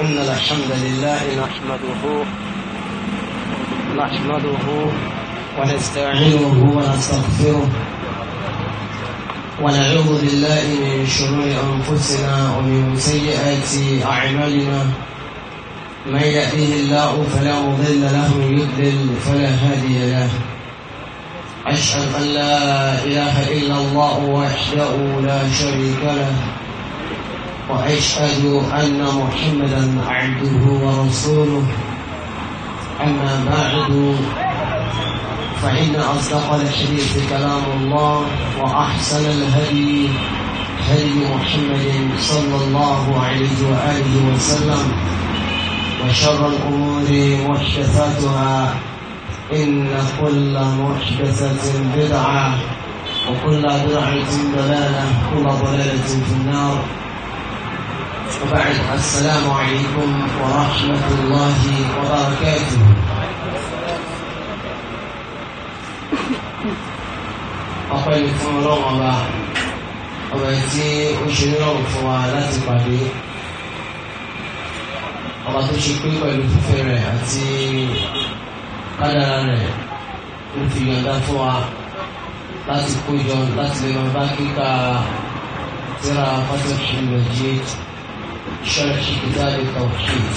إن الحمد لله نحمده نحمده ونستعينه ونستغفره ونعوذ بالله من شرور أنفسنا ومن سيئات أعمالنا من يأتيه الله فلا مضل له من يضلل فلا هادي له أشهد أن لا إله إلا الله وحده لا شريك له وأشهد أن محمدا عبده ورسوله أما بعد فإن أصدق الحديث كلام الله وأحسن الهدي هدي محمد صلى الله عليه وآله وسلم وشر الأمور محدثاتها إن كل محدثة بدعة وكل بدعة ضلالة كل ضلالة في النار وبعد السلام عليكم ورحمة الله وبركاته ọpẹ́ fún ọlọ́run ọba ọba tí ó ṣe lọ́rùn fún wa láti pàdé ọba tó ṣe pé pẹ̀lú fífẹ́ rẹ̀ àti kádàrá rẹ̀ ó fi yọ̀ǹda fún wa láti kó jọ láti lè máa bá kíkà tíra pátá ìṣẹ̀lẹ̀ jíjẹ́. شرح كتاب التوحيد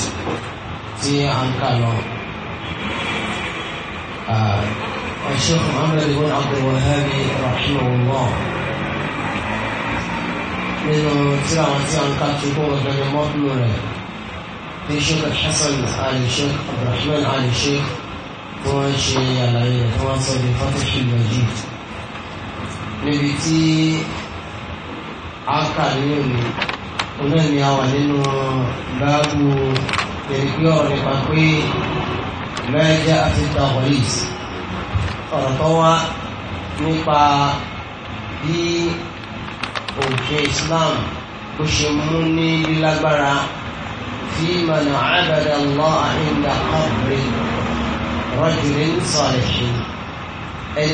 في عنكالون الشيخ محمد بن عبد الوهاب رحمه الله nínú tí àwọn tí a ń ká tó kóhùn ìdájọ́ mọ́tò rẹ̀ bí sheikh hasan ali sheikh abdulrahman ali sheikh tí wọ́n ṣe àlàyé rẹ̀ tí wọ́n sọ ní fatih al níbi tí a kà nínú oní ẹni a wà nínú báàbù pẹ̀lú ọ̀rọ̀ nípa pé mẹ́jẹ́ àtìkà wọ̀lìs ọ̀rọ̀ tó wá nípa bí òfin Islam bó ṣe mú ní lílágbára tí mọ̀nà àbàdà lọ́ àìndà ẹni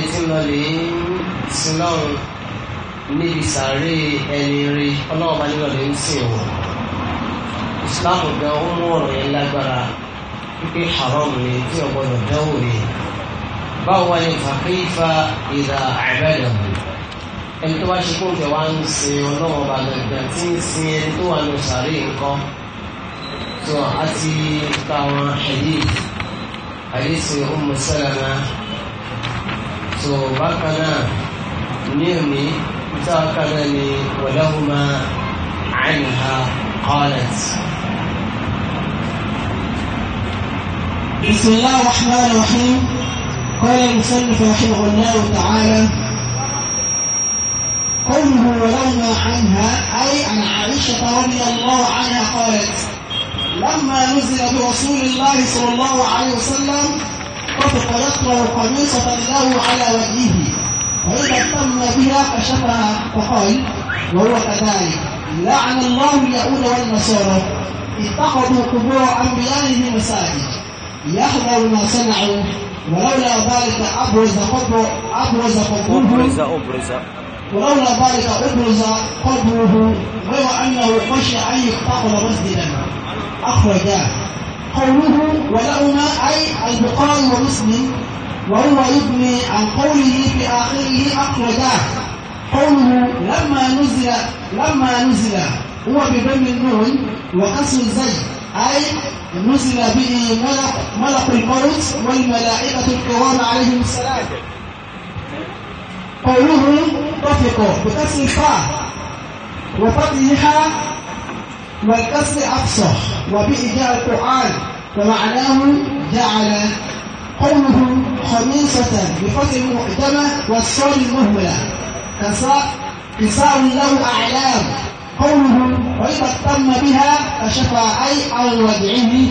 tí mo lè ń sin níbi sàárè ẹni rí ọlọ́wọ́ bá nílò lè ń sìn wọ̀ islam gan ó mú ọ̀rọ̀ yẹn lágbára pípé haram ni tí o gbọdọ̀ dánwò ni báwo wá ní fàkífà ìdá àbẹ̀dẹ̀ bù ẹni tó bá ṣe kó nǹkan wá ń sin ọlọ́wọ́ bá tí ń sin ẹni tó wà ní sàárè nǹkan tó a ti ka àwọn ẹ̀yí àyèsè ọmọ sẹ́lẹ̀ tó bákan náà ní òní. تركنني ولهما عنها قالت بسم الله الرحمن الرحيم قال المصنف رحمه الله تعالى قوله ولهما عنها أي عن عائشة رضي الله عنها قالت لما نزل برسول الله صلى الله عليه وسلم قد قلقنا قميصة له على وجهه فإذا اهتم بها كشفها فقال وهو كذلك لعن الله اليهود والنصارى اتخذوا قبور أنبيائهم مساجد يحذر ما صنعوا ولولا ذلك أبرز قبر أبرز قبره أبرز أبرز ولولا ذلك أبرز قبره غير أنه خشي أن يتخذ مسجدا أخرجاه قوله ولهما أي البقاء ومسلم وهو يبني عن قوله في آخره أخرجاه قوله لما نزل لما نزل هو بضم النون وكسر الزج أي نزل به ملك ملك الموت والملائكة الكرام عليهم السلام قوله رفقوا بكسر الفاء وفتحها والكسر أفصح وبئ القرآن فمعناه جعل قوله خميصة بفتح المقدمة والصاد المهملة كساء له أعلام قوله وإذا اهتم بها فشفى أي على ودعه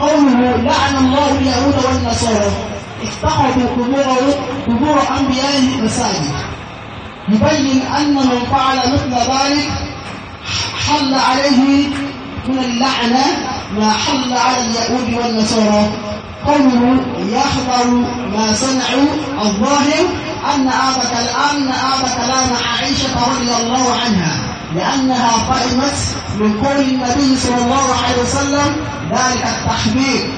قوله لعن الله اليهود والنصارى اتخذوا قبور قبور أنبيائه مساجد يبين أن من فعل مثل ذلك حل عليه من اللعنة ما حل على اليهود والنصارى قوم يخبر ما صنعوا الظاهر أن أبا كلام أبا كلام عائشة رضي الله عنها لأنها قائمت من قول النبي صلى الله عليه وسلم ذلك التحذير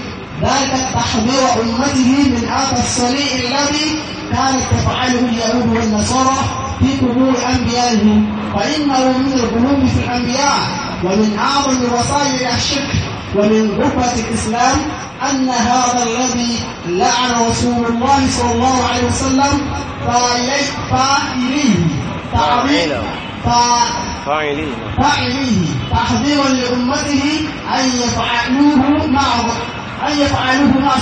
ذلك التحذير أمته من هذا الصليء الذي كانت تفعله اليهود والنصارى في قبور أنبيائهم فإنه من القلوب في الأنبياء ومن أعظم وسائل الشرك ومن رحمة الإسلام أن هذا الذي لعن رسول الله صلى الله عليه وسلم فإليه فإليه فاعليه فاعليه تحذيرا لأمته أن يفعلوه مع أن يفعلوه مع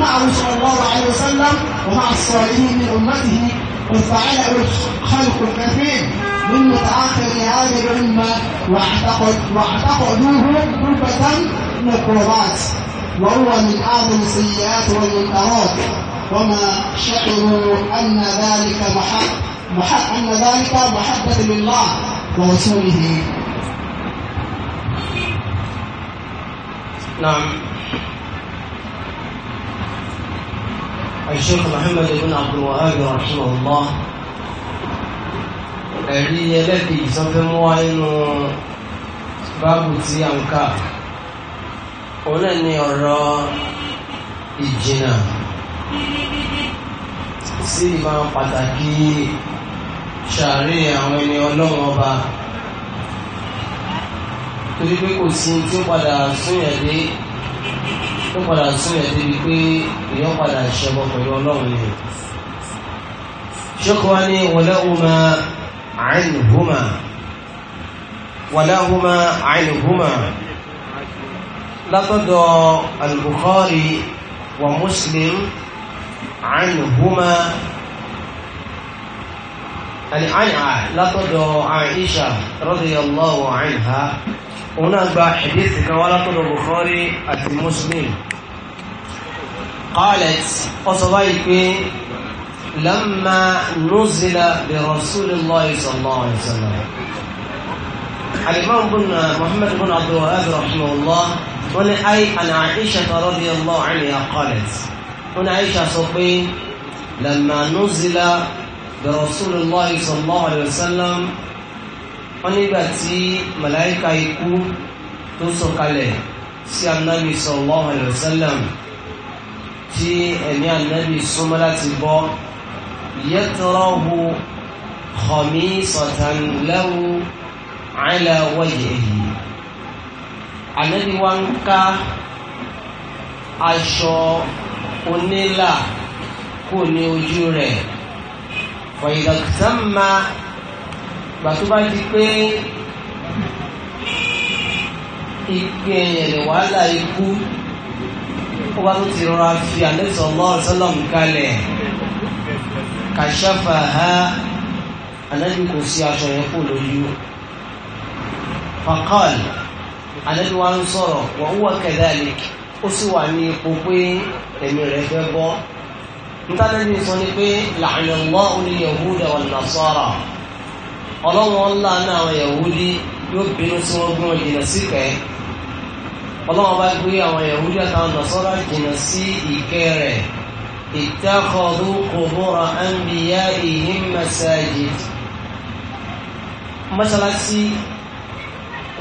مع صلى الله عليه وسلم ومع الصالحين من أمته واستعلأ الخلق الكثير من متأخر هذه الأمة واعتقد واعتقدوه ركبة مفروضات وهو من أعظم السيئات والمنكرات وما شعروا أن ذلك محق محق أن ذلك محبة لله ورسوله نعم الشيخ محمد بن عبد الوهاب رحمه الله الذي ẹlẹ́bìí sọ fẹ́ mú wa òun náà ni ọ̀rọ̀ ìjìnà sí ìbámu pàtàkì ṣàárẹ̀ àwọn ẹni ọlọ́run ọba torí pé kò sí tí ó padà súnyẹ̀ dé ó padà súnyẹ̀ débi pé èèyàn padà ṣẹbọ pẹ̀lú ọlọ́run ni ṣókò wá ní wọléhùmá àìníhùmá wọléhùmá àìníhùmá. لقد البخاري ومسلم عنهما عن عن لقد عائشة رضي الله عنها هناك حديثك ولقد البخاري المسلم قالت وصبيك لما نزل برسول الله صلى الله عليه وسلم الإمام بن محمد بن عبد الوهاب رحمه الله wọ́n ní ayé àná àìṣà tọrọ bí ọmọ àmì àkọlẹ̀t wọ́n ní àìṣà sọ pé lamma nuzila bi Rasulullah sallallahu alaihi wasallam wọ́n nígbà tí màláìka ikú tó sọ̀kalẹ̀ sí anábì sallallahu alaihi wasallam tí ẹ̀mí anábì súnmọ́ láti bọ́ yatrahu khamisatan lahu ala wajhihi ànábi wa ń ká aṣọ onílà kò ní ojú rẹ̀ fọ̀yìdàkùsánmà gbà tó bá di pé ìgbé ẹ̀yẹ̀ rẹ̀ wàhálà ikú ó bá tó ti rọra fi ànábi sallallahu alaihi wasallam kàṣàfà ha ànábi kò sí aṣọ yẹn kò lójú. فقال ànábì wa ń sọ̀rọ̀ wa huwa kadhalik ó sì wà ní ipò pé ẹ̀mí rẹ̀ fẹ́ bọ́ ntànàbí sọ ni pé la'anallahu al-yahuda wan-nasara ọlọ́wọ́n ńlá náà àwọn yahudi yóò bínú sí wọn gbọ́n jìnnà sí kẹ́ ọlọ́wọ́n bá gbé àwọn yahudi àtàwọn nasara jìnnà sí ìkẹ́ rẹ̀ ittakhadhu qubura anbiya'ihim masajid mọ́sálásí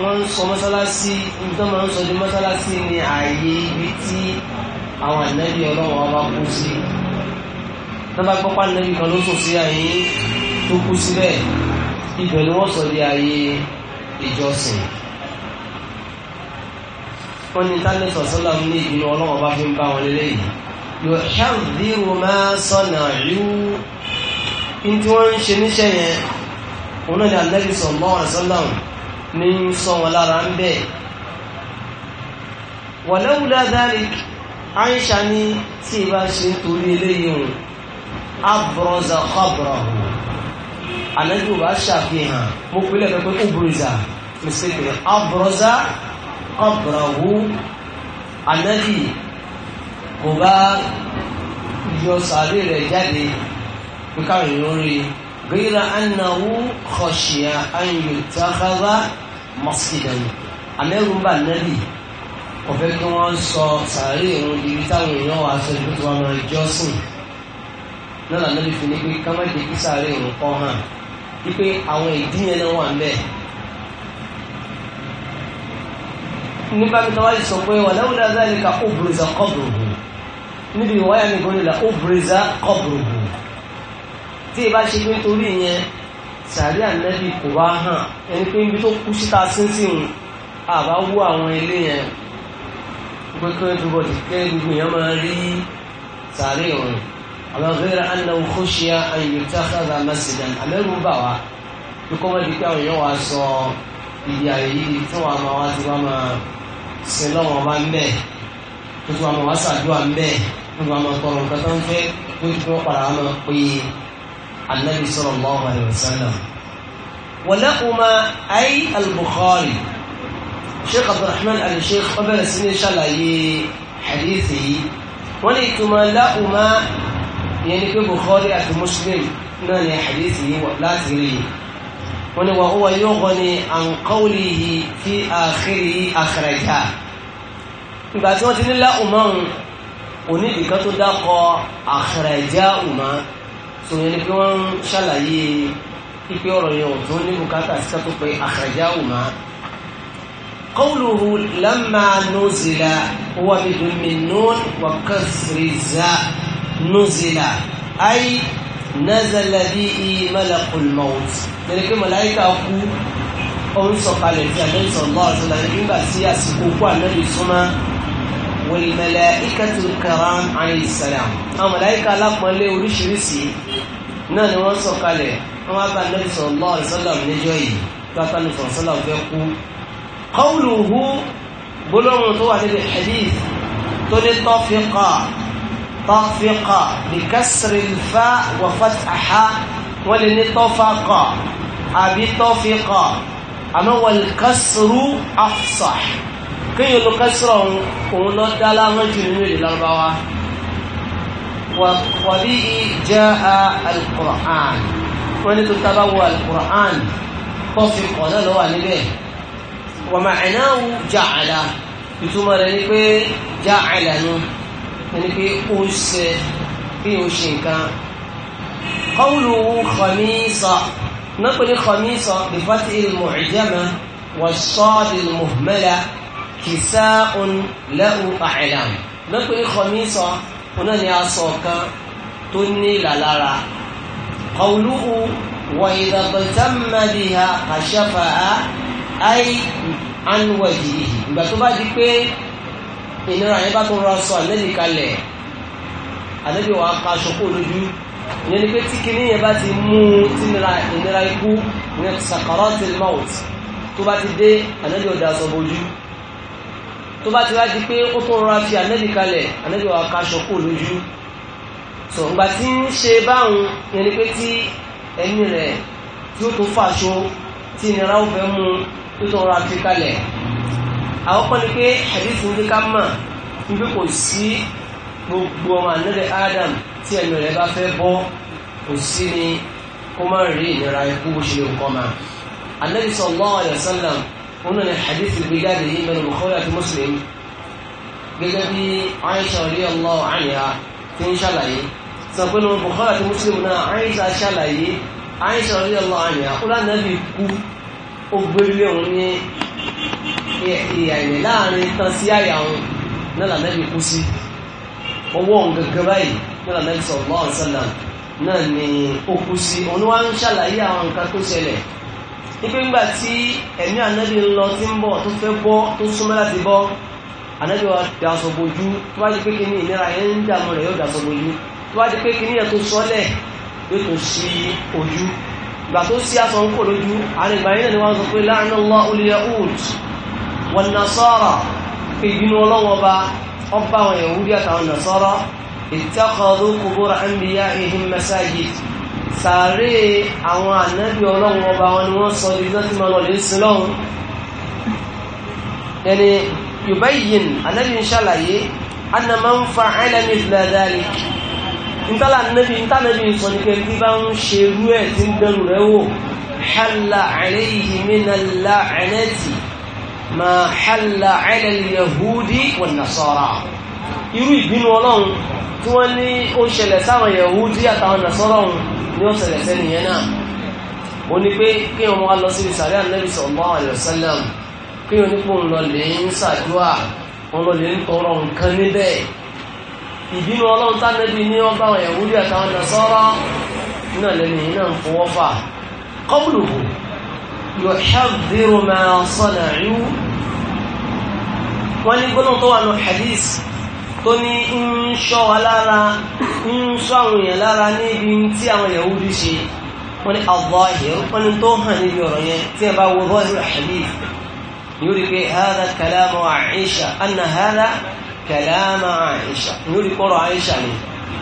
wọ́n ń sọ mọ́sálásí ibi tó máa ń sọ di mọ́sálásí ní ààyè ibi tí àwọn ànábì ọlọ́wọ́ ọba kú sí tọ́ba gbọ́pá ànábì kan ló sùn sí àyè tó kú síbẹ̀ ibẹ̀ ni wọ́n sọ di ààyè ìjọsìn wọ́n ní tálẹ́ sọ̀sọ́lá ní ìbínú ọlọ́wọ́ bá fi ń bá wọn lélẹ́ yìí yóò ṣàǹdírò máa sọ̀nà yú ní tí wọ́n ń ṣe níṣẹ́ yẹn òun náà ni ànábì sọ̀lọ́wọ́ àṣọ́láhùn ní sọ wọn lára ń bẹ̀ wọ̀lẹ́wùlá dárí àìṣà ní tí ìbá ṣe ń torí eléyìí hùn abúrọ̀zà kọ́bùrọ̀ ànájú bá ṣàfihàn mo pínlẹ̀ pẹ́ pé ó abúrọ̀zà kọ́bùrọ̀ hù ànájú bá yọ sàárè rẹ̀ jáde pé káwọn gbéra annahu khashiya an mọ́sídà ni amẹ́rù bá nẹ́bì kò fẹ́ kí wọ́n sọ sàárè òun di táwọn èèyàn wà sọ ìlú tó wà máa jọ́sìn náà lànà lè fi ní pé ká má jẹ́ kí sàárè òun kọ́ hàn wípé àwọn ìdí yẹn náà wà ń bẹ̀. nípa mi tọ́wá sọ pé wà láwùjọ azáyẹ ká ó bùrùzà kọ́bùrùbù níbi ìwáyà mi gbọ́dọ̀ là ó bùrùzà kọ́bùrùbù tí ì bá ṣe pé torí yẹn sàrí ànẹ́bì kò bá hàn ẹni pé ibi tó kú síta sínsìn àbá wó àwọn ilé yẹn pé kí wọ́n dúró ti kẹ́ gbogbo èèyàn máa rí sàrí ọ̀run àbá fẹ́rẹ̀ anáwó kó ṣe àyè tí a sábà mẹ́sìdán àmẹ́rù bà wá pé kọ́ mọ́tò pé àwọn èèyàn wá sọ ìdí àyè yìí tí wọ́n máa wá ti wá máa sin lọ́wọ́n bá ń bẹ̀ tó tún wá máa wá sàdúrà ń bẹ̀ tó tún wá máa tọrọ nǹkan tó ń fẹ́ tó tún wọ́n padà wá máa pè é. النبي صلى الله عليه وسلم ولهما أي البخاري شيخ عبد الرحمن آل الشيخ قبل سنين إن شاء الله حديثي وليتما لهما يعني في البخاري أو مسلم ناني حديثي ولا تري وهو يغني عن قوله في آخره أخرجها ìgbà tí wọ́n ti ní láhùmá òun onídìí sòyẹn ni pé wọ́n ń ṣàlàyé pípé ọ̀rọ̀ yẹn ọ̀dún ní bùkátà sí sátó pé àkàjáwò máa qawluhu lamma nuzila huwa bidummi nun wa kasri za nuzila ay nazala bihi malakul maut yẹn ni pé màláìka kú ọ̀hún sọ̀kalẹ̀ tí ànábì sallallahu alaihi wasallam nígbà tí àsìkò kú ànábì súnmọ́ wal malaikatu kiram alayhi salam àwọn màláìka alápọ̀nlé oríṣiríṣi náà ni wọ́n sọ̀kalẹ̀ wọ́n wá bá nẹ́bí sallallahu alaihi wasallam níjọ́ yìí tó bá tánú sọ̀rọ̀ sọ́lá fẹ́ kú. qawluhu gbólóhùn tó wà níbi hadith tó ní tafiqa tafiqa bi kasri al-fa wa fathaha wọ́n lè ní tafaqa àbí tafiqa àmọ́ wal kasru afsah kéèyàn ló kásìrò òun lọ dá láwọn jù nínú èdè lárúbáwá. وبه جاء القرآن وإن تتبوى القرآن تصف قال له أنبه ومعناه جعل ثم رنبه جعل رنبه أس في أشنك قوله خميصة نقول خميصة بفتح المعجمة والصاد المهملة كساء له أعلام نقول خميصة ọ̀nà ni aṣọ kan tó ní ìlà lára qawluhu wa idha btamma biha kashafaha ay an wajhihi ìgbà tó bá di pé ìnira yẹn bá tó rọ aṣọ àlẹ́lì kalẹ̀ àlẹ́lì wa ka aṣọ kó lójú ìyẹn ni pé tí kinní yẹn bá ti mú un tí ìnira ikú ní sakaratil maut tó bá ti dé àlẹ́lì ọ̀dà aṣọ bojú tó bá ti wá di pé ó tó rọra fi ànẹ́bì kalẹ̀ ànẹ́bì wa kaṣọ kò lójú sọ ìgbà tí ń ṣe báwọn yẹn ni pé tí ẹni rẹ̀ tí ó tó fàṣọ tí ìnira ó fẹ́ mú tó tó rọra fi kalẹ̀ àwọn ni pé àdìsí ní ká mà níbi kò sí gbogbo ọmọ ànẹ́bì Adam tí ẹni rẹ̀ bá fẹ́ bọ́ kò sí ni kó má rí ìnira ikú bó ṣe lè kọ́ ma ànẹ́bì sallallahu alaihi wasallam òun náà hadith gbé jáde yìí mẹ́rin Bukhari àti Muslim gẹ́gẹ́ bí Aisha radiyallahu anha ti ń ṣàlàyé sọ pé nínú Bukhari àti Muslim náà Aisha ṣàlàyé Aisha radiyallahu anha ó lánàbí kú ó gbélé òun ní ìyà ìyẹ̀ láàrin tán sí àyà òun náà lànàbí kú sí ọwọ́ òun gẹ́gẹ́ báyìí náà lànàbí sallallahu alaihi wasallam náà ni ó kú sí òun wá ń ṣàlàyé àwọn nǹkan tó ipe ńgbà tí ẹ̀mí ànábì ń lọ tí ń bọ̀ tó fẹ́ bọ́ tó súnmọ́ láti bọ́ ànábì wa daṣọ bojú tó bá di pé kíní ìnira ẹ̀ ń dààmú rẹ̀ yóò daṣọ bojú tó bá pé kíní ẹ̀ tó sọ́lẹ̀ yóò tó sí ojú ìgbà tó sí aṣọ ń kò lójú àrùn ìgbà yẹn ni wọ́n sọ pé láàrin ọlọ́ olùyẹ̀hùd wọn nasara pé ìbínú ọlọ́wọ́n ba ọba àwọn sàárè àwọn ànábì ọlọ́run ọba wọn ni wọ́n sọ ibi tó ti máa lọ lè sin lọ́hùn ẹni yorùbá yìí ànábì ń ṣàlàyé anamá ń fa àìlẹ́mì ìfìlàdàlì ntala ànábì ntànábì sọ ní kẹ́kẹ́ tí bá ń ṣe irú ẹ̀ tí ń dẹrù rẹ̀ wò hàlà àìlẹ́yìí mìnàlá àìlẹ́tì máa hàlà àìlẹ́lì yahudi wà nàṣọ́ra irú ìbínú ọlọ́run tí wọ́n ní ó ṣẹlẹ̀ sáwọn Yahudi àtàwọn Nasara ọ̀hún ni ó ṣẹlẹ̀ sẹ́niyẹn náà ó ní pé kí wọn wá lọ sí ìsàlẹ̀ Ànábì sallallahu alaihi wasallam kí wọn nípò ń lọ lè ń ṣàdúrà wọ́n ní gbọ́dọ̀ tó wà ní hadith tó ní ń ṣọ́ wa lára ń ṣọ́ àwọn èèyàn lára níbi tí àwọn Yahudi ṣe wọ́n ní al-zahir wọ́n ní tó hàn níbi ọ̀rọ̀ yẹn tí ẹ bá wo zahir al-hadith yóò rí pé hada kalamu Aisha anna hada kalamu Aisha yóò rí kọ́rọ̀ Aisha ni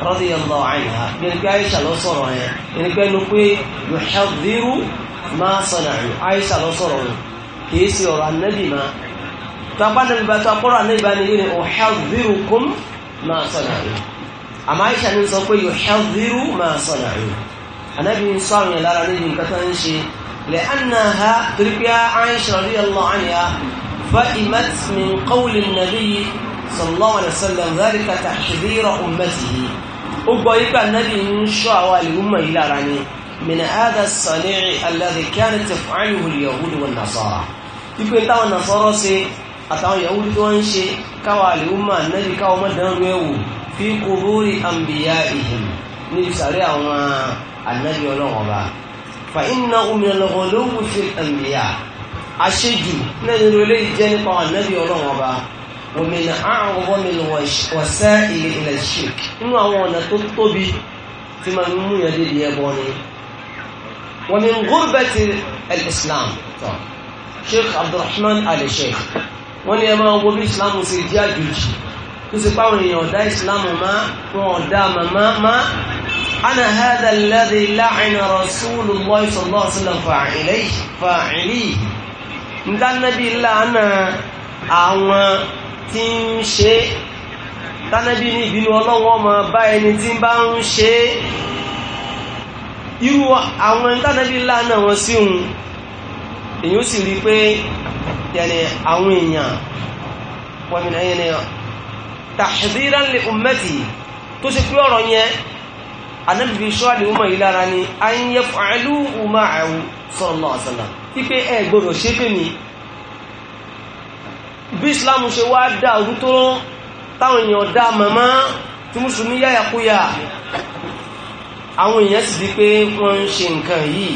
radiyallahu anha yẹn pé Aisha ló sọ̀rọ̀ yẹn yẹn pé ẹnu pé yuhadhiru ma tọ́pánà ìgbà tó akọ́rọ̀ àná ìgbà ni yìí ni uhazirukum ma sana'u àmọ́ àyíṣà ni sọ pé yuhaziru ma sana'u ànábì ń sọ àwọn ìlara níbi nǹkan tó ń ṣe lẹ́ànàha tìrìpíà àyíṣà radiyallahu anha fa'imat min qawli an-nabiy sallallahu alaihi من هذا الصنيع الذي كانت تفعله اليهود والنصارى يكون تاو النصارى àtàwọn yahudi tí wọ́n ń ṣe káwà àlèhùnmà nẹ́bí káwọ́ mọ́dánrú ẹ̀wò fi quburi anbiya'ihim níbi sàárẹ̀ àwọn ànábì ọlọ́wọ́n ọba fa innahum min al-ghuluwi fil anbiya àṣejù nẹ́bí rẹ̀lẹ́ jẹ́ nípa àwọn ànábì ọlọ́wọ́n ọba wa min a'zami al-wasa'ili ila al-shirk nínú àwọn ọ̀nà tó tóbi tí ma ń mú yẹn dédìí ẹbọ ni wa min ghurbati al-islam wọ́n ní ẹ máa wo bí islam ṣe jẹ́ àjòjì tó ṣe páwọn èèyàn ọ̀dá islam má wọn ọ̀dá màmá má ana hadha alladhi la'ina rasulullahi sallallahu alaihi wasallam fa'ili ntánàbí làánà àwọn tí ń ṣe tánàbí ní ìbínú ọlọ́wọ́ ma bá ẹni tí ń bá ń ṣe irú èyí ó sì rí pé yẹni àwọn èèyàn wọ́n yẹni tahdiran li ummati tó sì pé ọ̀rọ̀ yẹn anábìbí ṣọ́ọ̀lì ọmọ yìí lára ni a ń yẹ fàálù ọmọ àwọn sallallahu alaihi wasallam tí pé ẹ gbọdọ̀ ṣe pé mi bí islam ṣe wá dá orú tó táwọn èèyàn dá màmá tí mùsùlùmí yáyàkúyà àwọn èèyàn sì di pé wọ́n ń ṣe nǹkan yìí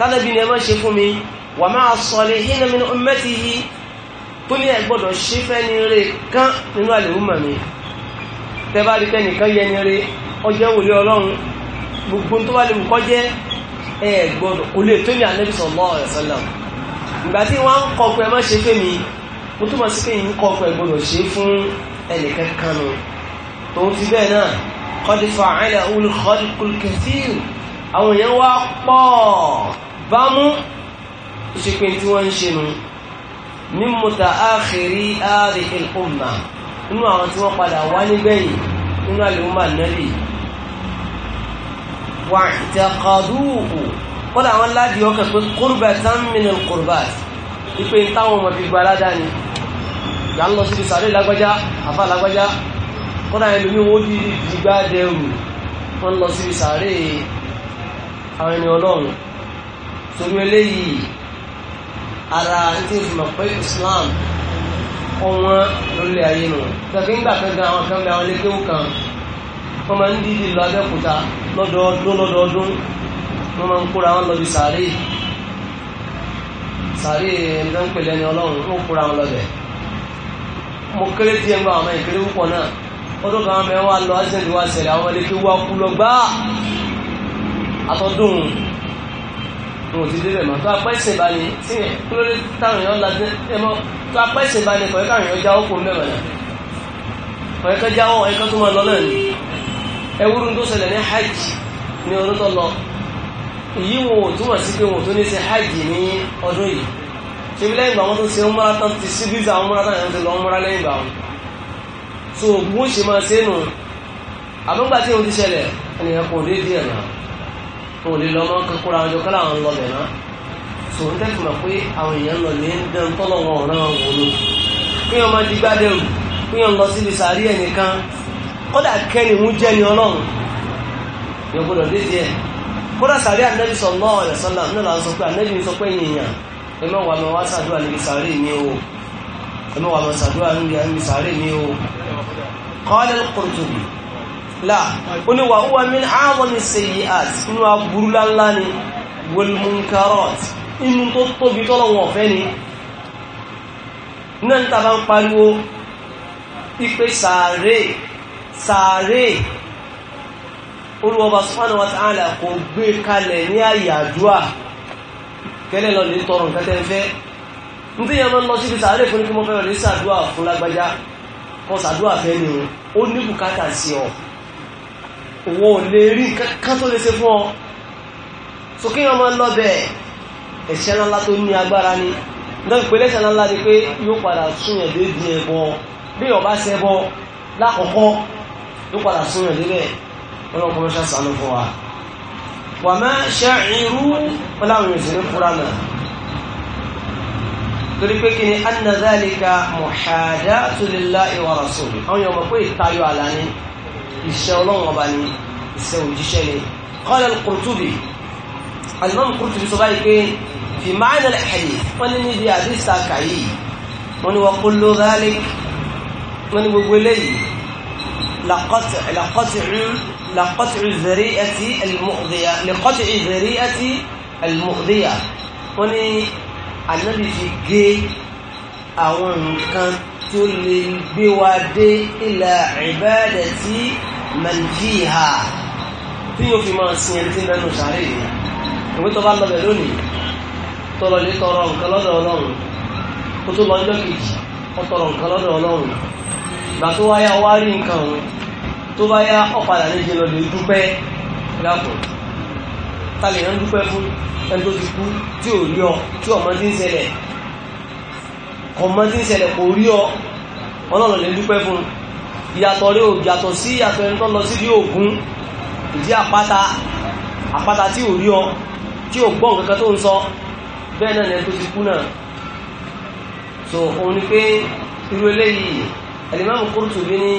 tánàbí ni ẹ má ṣe fún mi wà máa salihina min ummatihi tó ní ẹgbọ́dọ̀ ṣe fẹ́ ní eré kán nínú àlèhùmọ̀ mi tẹ́bá rí kẹ́nìkan yẹ ní eré ọjọ́ ìwòlé ọlọ́run gbogbo tó bá lè mú kọjẹ́ ẹ gbọ́dọ̀ kò lè tó ní Ànábì sallallahu alaihi wasallam ìgbà tí wọ́n ń kọ pé ẹ má ṣe fẹ́ mi mo túmọ̀ sí pé ìyín kọ pé ẹ ṣe fún ẹnìkan kan nù àwọn èèyàn wá pọ̀ ìbámu ìṣèpè tí wọ́n ń ṣe nu ní mùtà áàkiri áàrí ìlúmà nínú àwọn tí wọ́n padà wá nígbẹ̀yìn nínú àlùmọ́ ànẹ́lì wà ìtẹ̀kọ̀dúhù kọ́dà àwọn ládìí ọkàn pé kúrbẹ̀ tán mìíràn kúrbẹ̀ ìpè táwọn ọmọ fi gba ni ìyá ń lọ sí ìsàlẹ̀ ìlágbájá àfa ìlágbájá kọ́dà àwọn ẹlòmíín wọ́n di ìgbà dẹrù wọ́n lọ sí ìsàlẹ̀ àwọn ẹni ọlọ́run torí eléyìí ara tí o fi mọ̀ pé Islam ọwọ́n lórílẹ̀ ayé nù tẹ̀kí ń gbà pé gan àwọn kan bẹ àwọn lékéwù kan wọ́n máa ń dídì lọ Abẹ́òkúta lọ́dọọdún lọ́dọọdún wọ́n máa ń kóra wọn lọ bí sàárè sàárè ẹni tó ń pè lẹ́ni ọlọ́run ó kóra wọn lọ́bẹ̀ mo kéré díẹ̀ ń gba àwọn ìkéré púpọ̀ náà ọdún kan mẹ́wàá lọ àṣẹ ìdíwọ́ àṣẹlẹ̀ àwọn lékéwù wa kú lọ gbáà àtọ́dún wọn ò ti débẹ̀ mọ́ tó apẹ́ ìṣèbá ni tí kí ló dé táwọn èèyàn lajẹ́ ẹ mọ́ tó apẹ́ ìṣèbá ni kọ̀ọ́yẹ́ káwọn èèyàn jáwọ́ kó ń bẹ̀rẹ̀ kọ̀ọ́yẹ́ kẹ́ jáwọ́ ẹ̀kọ́ tó máa lọ náà ni ẹwúrú tó ṣẹlẹ̀ ní hajj ní ọdún tó lọ èyí wọn ò túmọ̀ sí pé wọn ò tó ní ṣe hajj ní ọdún yìí ṣe bí lẹ́yìn ìgbà wọn tó ṣe ń múra ti sí visa ń múra tán ti lọ ń múra lẹ́yìn ìgbà wọn so ògùn ṣe máa ṣe nù àbúgbà tí wọn ti ṣẹlẹ̀ ẹnìyàn kò wọn ò lè lọ máa kankura ọjọ kọlá àwọn lọ bẹ̀ náà tò ń tẹ́sí mọ̀ pé àwọn èèyàn lọ ní dán tọ́lọ̀ wọn ọ̀ràn wọn wò ló pé wọn máa di gbádẹ́rù pé wọn lọ síbi sàárì ẹnìkan kódà kẹ́ni ń jẹ́ ni ọlọ́run yóò gbọdọ̀ dé díẹ̀ kódà sàárì ànábì sallallahu alaihi wasallam náà là ń sọ pé ànábì ń sọ pé ènìyàn ẹ má wà máa wá sàdúrà níbi sàárì mi o ẹ má wà máa sàdúrà níbi sàárì mi o qala al la ó ní wà huwa min a'zami sayyi'at inú aburú láńlá ni wal munkarat inú tó tóbi tọ́lọ̀wọ̀n ọ̀fẹ́ ni náà níta bá ń pariwo ipe sàárè sàárè olùwọba subhanahu wa ta'ala kò gbé kalẹ̀ ní àyàdúà kẹ́lẹ̀ lọ lè tọrọ nǹkan tẹ́ ń fẹ́ nítorí yẹn máa lọ síbi sàárè fún ní kí mo fẹ́ lọ lè sàdúà fún lágbájá kọ́ sàdúà fẹ́ ni ó ní sí ọ wọn ò lè rí kankan tó lè ṣe fún ọ sókè ọmọ lọ́bẹ̀ ẹ̀ṣẹ̀ ńlá tó ní agbára ni lọ́bẹ̀ pé lẹ́ṣẹ̀ ńlá ni pé yóò padà súnyàn débi ẹ̀bọ bí ọba ṣẹbọ lákọ̀ọ́kọ́ yóò padà súnyàn débẹ̀ ọlọ́kùnrin ṣàṣàánú fún wa wà má ṣe irú ọláwọn ìṣẹ̀lẹ̀ fúra náà torí pé kí ni anna dhalika muhadatu lillahi wa rasuli àwọn yọ̀ọ́ pé ìtayọ̀ àlá iṣẹ́ ọlọ́run ọba ni iṣẹ́ òjíṣẹ́ ni qala al-Qurtubi alimami Qurtubi sọ báyìí pé fi ma'na al-hadith wọ́n ní níbi àdìsá kàyí wọ́n ní wa kullu dhalik wọ́n ní gbogbo eléyìí laqat'u àwọn nǹkan tó lè gbé wa dé ila ibadati man fiha tí yóò fi máa sin ẹni tí mẹ́nu sàárè yìí ìwé tó bá lọ bẹ̀ lónìí tọrọ lè tọrọ nǹkan lọ́dọ̀ ọlọ́run kó tó lọ ọjọ́ kejì ó tọrọ nǹkan lọ́dọ̀ ọlọ́run ìgbà tó wáyá wá rí nǹkan òun tó bá yá ọ̀padà níjẹ lọ lè dúpẹ́ dákùn ta lè yàn dúpẹ́ fún ẹni tó ti kú tí ò rí ọ tí ọmọdé ń ṣẹlẹ̀ kọ̀mọ́ tí ń ṣẹlẹ̀ kò rí ọ ọlọ́run lè dúpẹ́ fún ìyàtọ̀ rẹ ò yàtọ̀ sí ìyàtọ̀ ẹni tó lọ sí bí ògún ìdí àpáta àpáta tí ò rí ọ tí ò gbọ́ nǹkan tó ń sọ bẹ́ẹ̀ náà lẹ́nu tó ti kú náà so òun ni pé irú eléyìí Al-Imam Qurtubi ní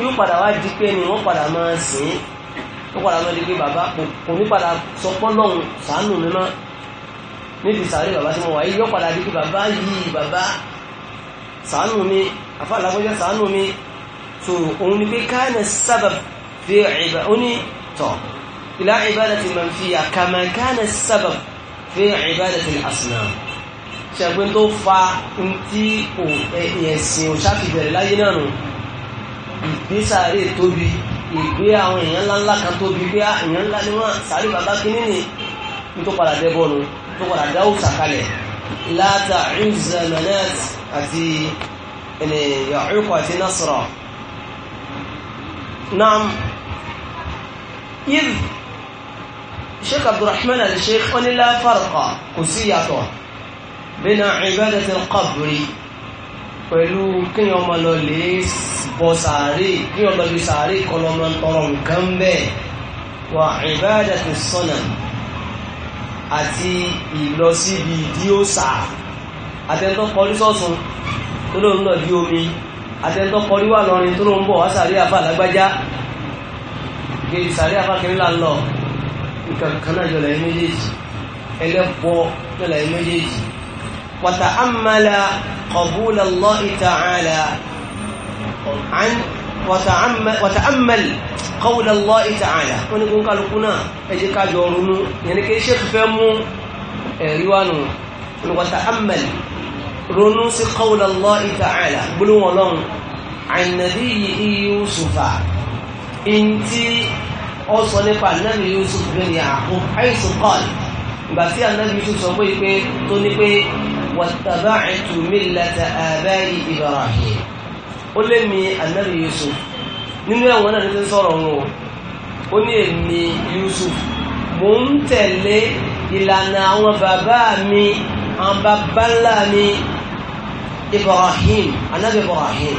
yóò padà wá di pé ni wọ́n padà máa sìn ín wọ́n padà máa di pé bàbá kò ní padà sọ pọ́ lọ́hùn sàánù mímọ́ níbi sàárè bàbá tí mo wà yìí yọ padà dípé bàbá yìí bàbá sàánù mi àfa làgbọ́jọ́ sàánù mi tó òun ni pé káàní sábà fi ìbá ó ní tọ̀ ìlà ibadati man fiya kama káàní sábà fi ibadati al-asnam ṣẹ̀gbẹ́ tó fa ntí ẹ̀sìn òṣàfihàn láyé náà nù ìgbésàárè tóbi ìgbé àwọn èèyàn ńláńlá kan tóbi pé ah, èèyàn ńlá ni wọ́n sàárè bàbá kínní ni nítorí padà dẹ́bọ̀ nù tó padà dá òòsà kalẹ̀ láta ìzà manat àti ẹni yàrúkọ àti nasra naam yìí sheikh abdulrahman al-sheikh ó ní la farqa kò sí yàtọ̀ bina ibadati al-qabri pẹ̀lú kíyàn ọmọ lọ lè bọ sàárè kíyàn àti ìlọsíbi ìdí òsà àtẹ́ntọ́ kọrí sọ́sùn tó lóun náà di omi àtẹ́ntọ́ kọrí wà lọ́rin tó lóun bọ̀ wá sàrí àfà lágbájá gbé sàrí àfà kiri là ń lọ nǹkan kan náà jọlọ ẹ méjèèjì ẹlẹ́bọ jọlọ ẹ méjèèjì wàtà àmàlà qabula Allah ta'ala an wàtàámẹ́lì kọ́wùlá lọ ìtààlà wọ́n ní kún kálukú náà ẹjẹ́ kájọ ọrùnú yẹni kí ṣe fẹ́ mú ẹ̀ríwánu wàtàámẹ́lì ronú sí kọ́wùlá lọ ìtààlà gbólóhùn ọlọ́run àìnàdí yìí Yusufa in tí ó sọ nípa anábì Yusuf bẹ́ẹ̀ ni àkó àìsùn kọ́ọ̀lì ìgbà tí anábì Yusuf sọ pé tó ní pé wàtàbáàtù millata àbáyé Ibrahim ó lé mi anabi yusuf nínú ẹ̀wọ̀n náà títí sọ̀rọ̀ wọn o ó ní èmi yusuf mò ń tẹ̀lé ìlànà àwọn bàbá mi àwọn bàbá ńlá mi ibrahim anabi ibrahim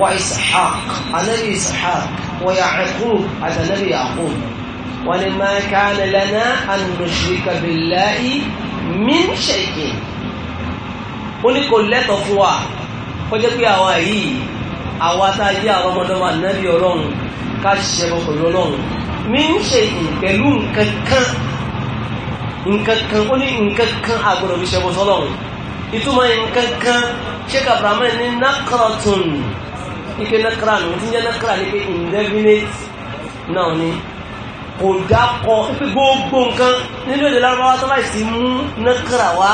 wa ishaq anabi ishaq wa yaqub àti anabi yaqub wọn ni ma kana lana an nushrika min shay'in ó ní kò lẹ́tọ̀ fún wa kọjá pé àwọn yìí àwa tá a yé àwọn ọmọdọ́mọ ànábì ọlọ́run ká ṣiṣẹ́ bọ́ pẹ̀lú ọlọ́run mi ń ṣe pẹ̀lú nǹkan kan nǹkan kan ó ní nǹkan kan àgbọ̀dọ̀ fi ṣe bọ́ sọ́lọ́run ìtumọ̀ nǹkan kan sheikh abrahamu ní nakrotun ike nakra nù tí ń jẹ́ nakra ní pé indefinite náà ni kò dákọ̀ pé gbogbo nǹkan nínú èdè lárúbáwá tó láì sí mú nakra wá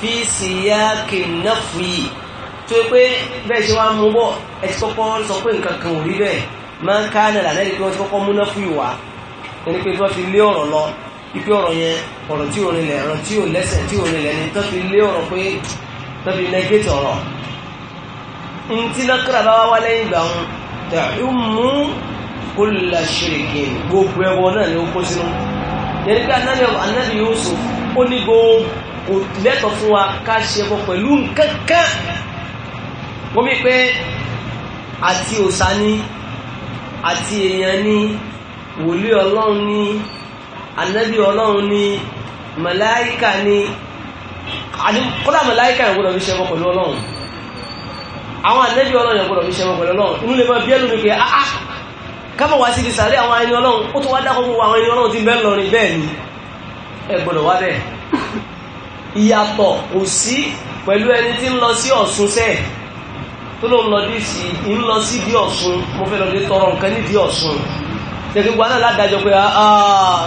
fi síyá kè náà tó yẹ pé bẹ́ẹ̀ ṣe wá mú bọ̀ ẹ ti kọ́kọ́ sọ pé nǹkan kan ò rí bẹ́ẹ̀ máa ń ká nàlà lẹ́yìn pé wọ́n ti kọ́kọ́ múná fún ìwà ẹni pé wọ́n fi lé ọ̀rọ̀ lọ ipe ọ̀rọ̀ yẹn ọ̀rọ̀ tí ò rinlẹ̀ ọ̀rọ̀ tí ò lẹ́sẹ̀ tí ò rinlẹ̀ ni tó fi lé ọ̀rọ̀ pé tó fi nẹgẹ́tì ọ̀rọ̀ ntí nákàrà bá wá lẹ́yìn ìgbà wọn tẹ̀ ẹ́ mú kó la ṣèrèké gbogbo ẹwọ náà ni ó kó sínú yẹn pé anábì anábì Yusuf ó ní gbogbo lẹ́tọ̀ fún wa ká ṣe bọ́ pẹ̀lú nǹkan wọ́n bí pé àti òsà ní àti èèyàn ní wòlíì ọlọ́run ní ànábì ọlọ́run ní màláíkà ní kódà màláíkà yẹn gbọ́dọ̀ fi ṣẹbọ pẹ̀lú ọlọ́run àwọn ànábì ọlọ́run yẹn gbọ́dọ̀ fi ṣẹbọ pẹ̀lú ọlọ́run inú lè máa bí ẹlòmí pé áá ah, ah, kábọ̀ wá sí ibi sàárẹ̀ àwọn ẹni ọlọ́run ó tó wá dákọ̀ gbogbo àwọn ẹni ọlọ́run ti bẹ́ẹ̀ lọrin bẹ́ẹ̀ ni ẹ gbọ́dọ̀ wá bẹ́ẹ̀ ìyàtọ̀ kò sí pẹ̀lú ẹni tí ń lọ sí Ọ̀ṣun sẹ́ẹ̀ tó ló ń lọ dé sí i ń lọ sí bí ọ̀ṣun mo fẹ́ lọ dé tọrọ nǹkan nídìí ọ̀ṣun tẹ̀sí gbaná ládàjọ pé ah, ah,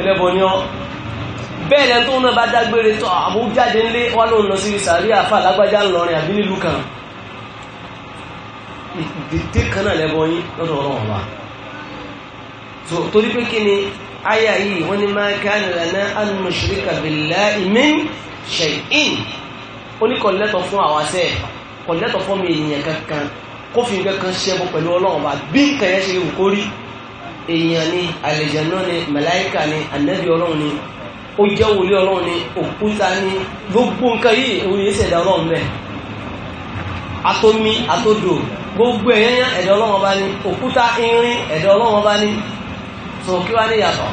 ẹlẹ́bọ̀ ni ọ́ bẹ́ẹ̀ lẹ́nu tó ń náà bá dágbére tó àbújáde ńlé wà ló ń lọ sí sàárì àfà lágbájá ńlọrin àbí nílùú kan ìdèdè kan náà lẹ́bọ̀ yín lọ́dọ̀ ọ̀rọ̀ wa torí pé kí ni aya yìí wọ́n ní máa ká nìlànà an nushrika billahi min shay'in oníkọ̀lẹ́tọ̀ fún àwàṣẹ́ ẹ̀ kọ̀lẹ́tọ̀ fún mi èèyàn kankan kó fi nǹkan kan ṣẹbọ pẹ̀lú ọlọ́run bá bí nǹkan ṣe wù kó èèyàn ni àlejànà ni màláíkà ni ànábì ọlọ́run ni ó jẹ́ wòlé ọlọ́run ni òkúta ni gbogbo nǹkan yìí òun yìí ṣẹ̀dá ọlọ́run bẹ́ẹ̀ atomi atodo gbogbo ẹ̀yẹ́yẹ́ ẹ̀dá ọlọ́run ọba ni òkúta irin ẹ̀dá ọlọ́run ọba ni sọ kí wá ní yàtọ̀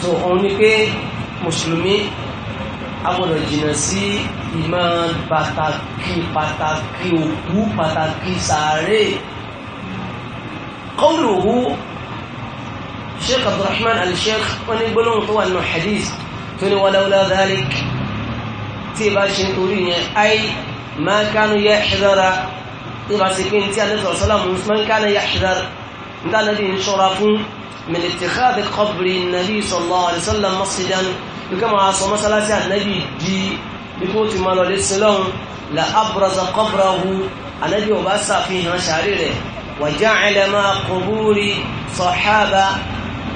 so òun ni pé mùsùlùmí agbọ́dọ̀ jìnnà sí ìmọ̀ pàtàkì pàtàkì òkú pàtàkì sàárè qawluhu sheikh abdulrahman al-sheikh wọ́n ní gbólóhùn tó wà nínú hadith tó ní walawla dhalik tí ìbá ṣe nítorí yẹn ay ma kanu yahdara tí ìbá ṣe pé ní tí a lẹ́sọ̀rọ̀ sọ́lámù ma kanu yahdara ní tí a lẹ́bí ń ṣọ́ra fún min ittikhadhi qabri nabi sallallahu alaihi wasallam masjidan kíkẹ́ máa sọ mọ́sálásí ànábì di bí kò ti máa lọlé sí lọ́hùn la abraza qabrahu ànábì ọba ṣàfihàn sàárè rẹ̀ wa ja'ala ma quburi sahaba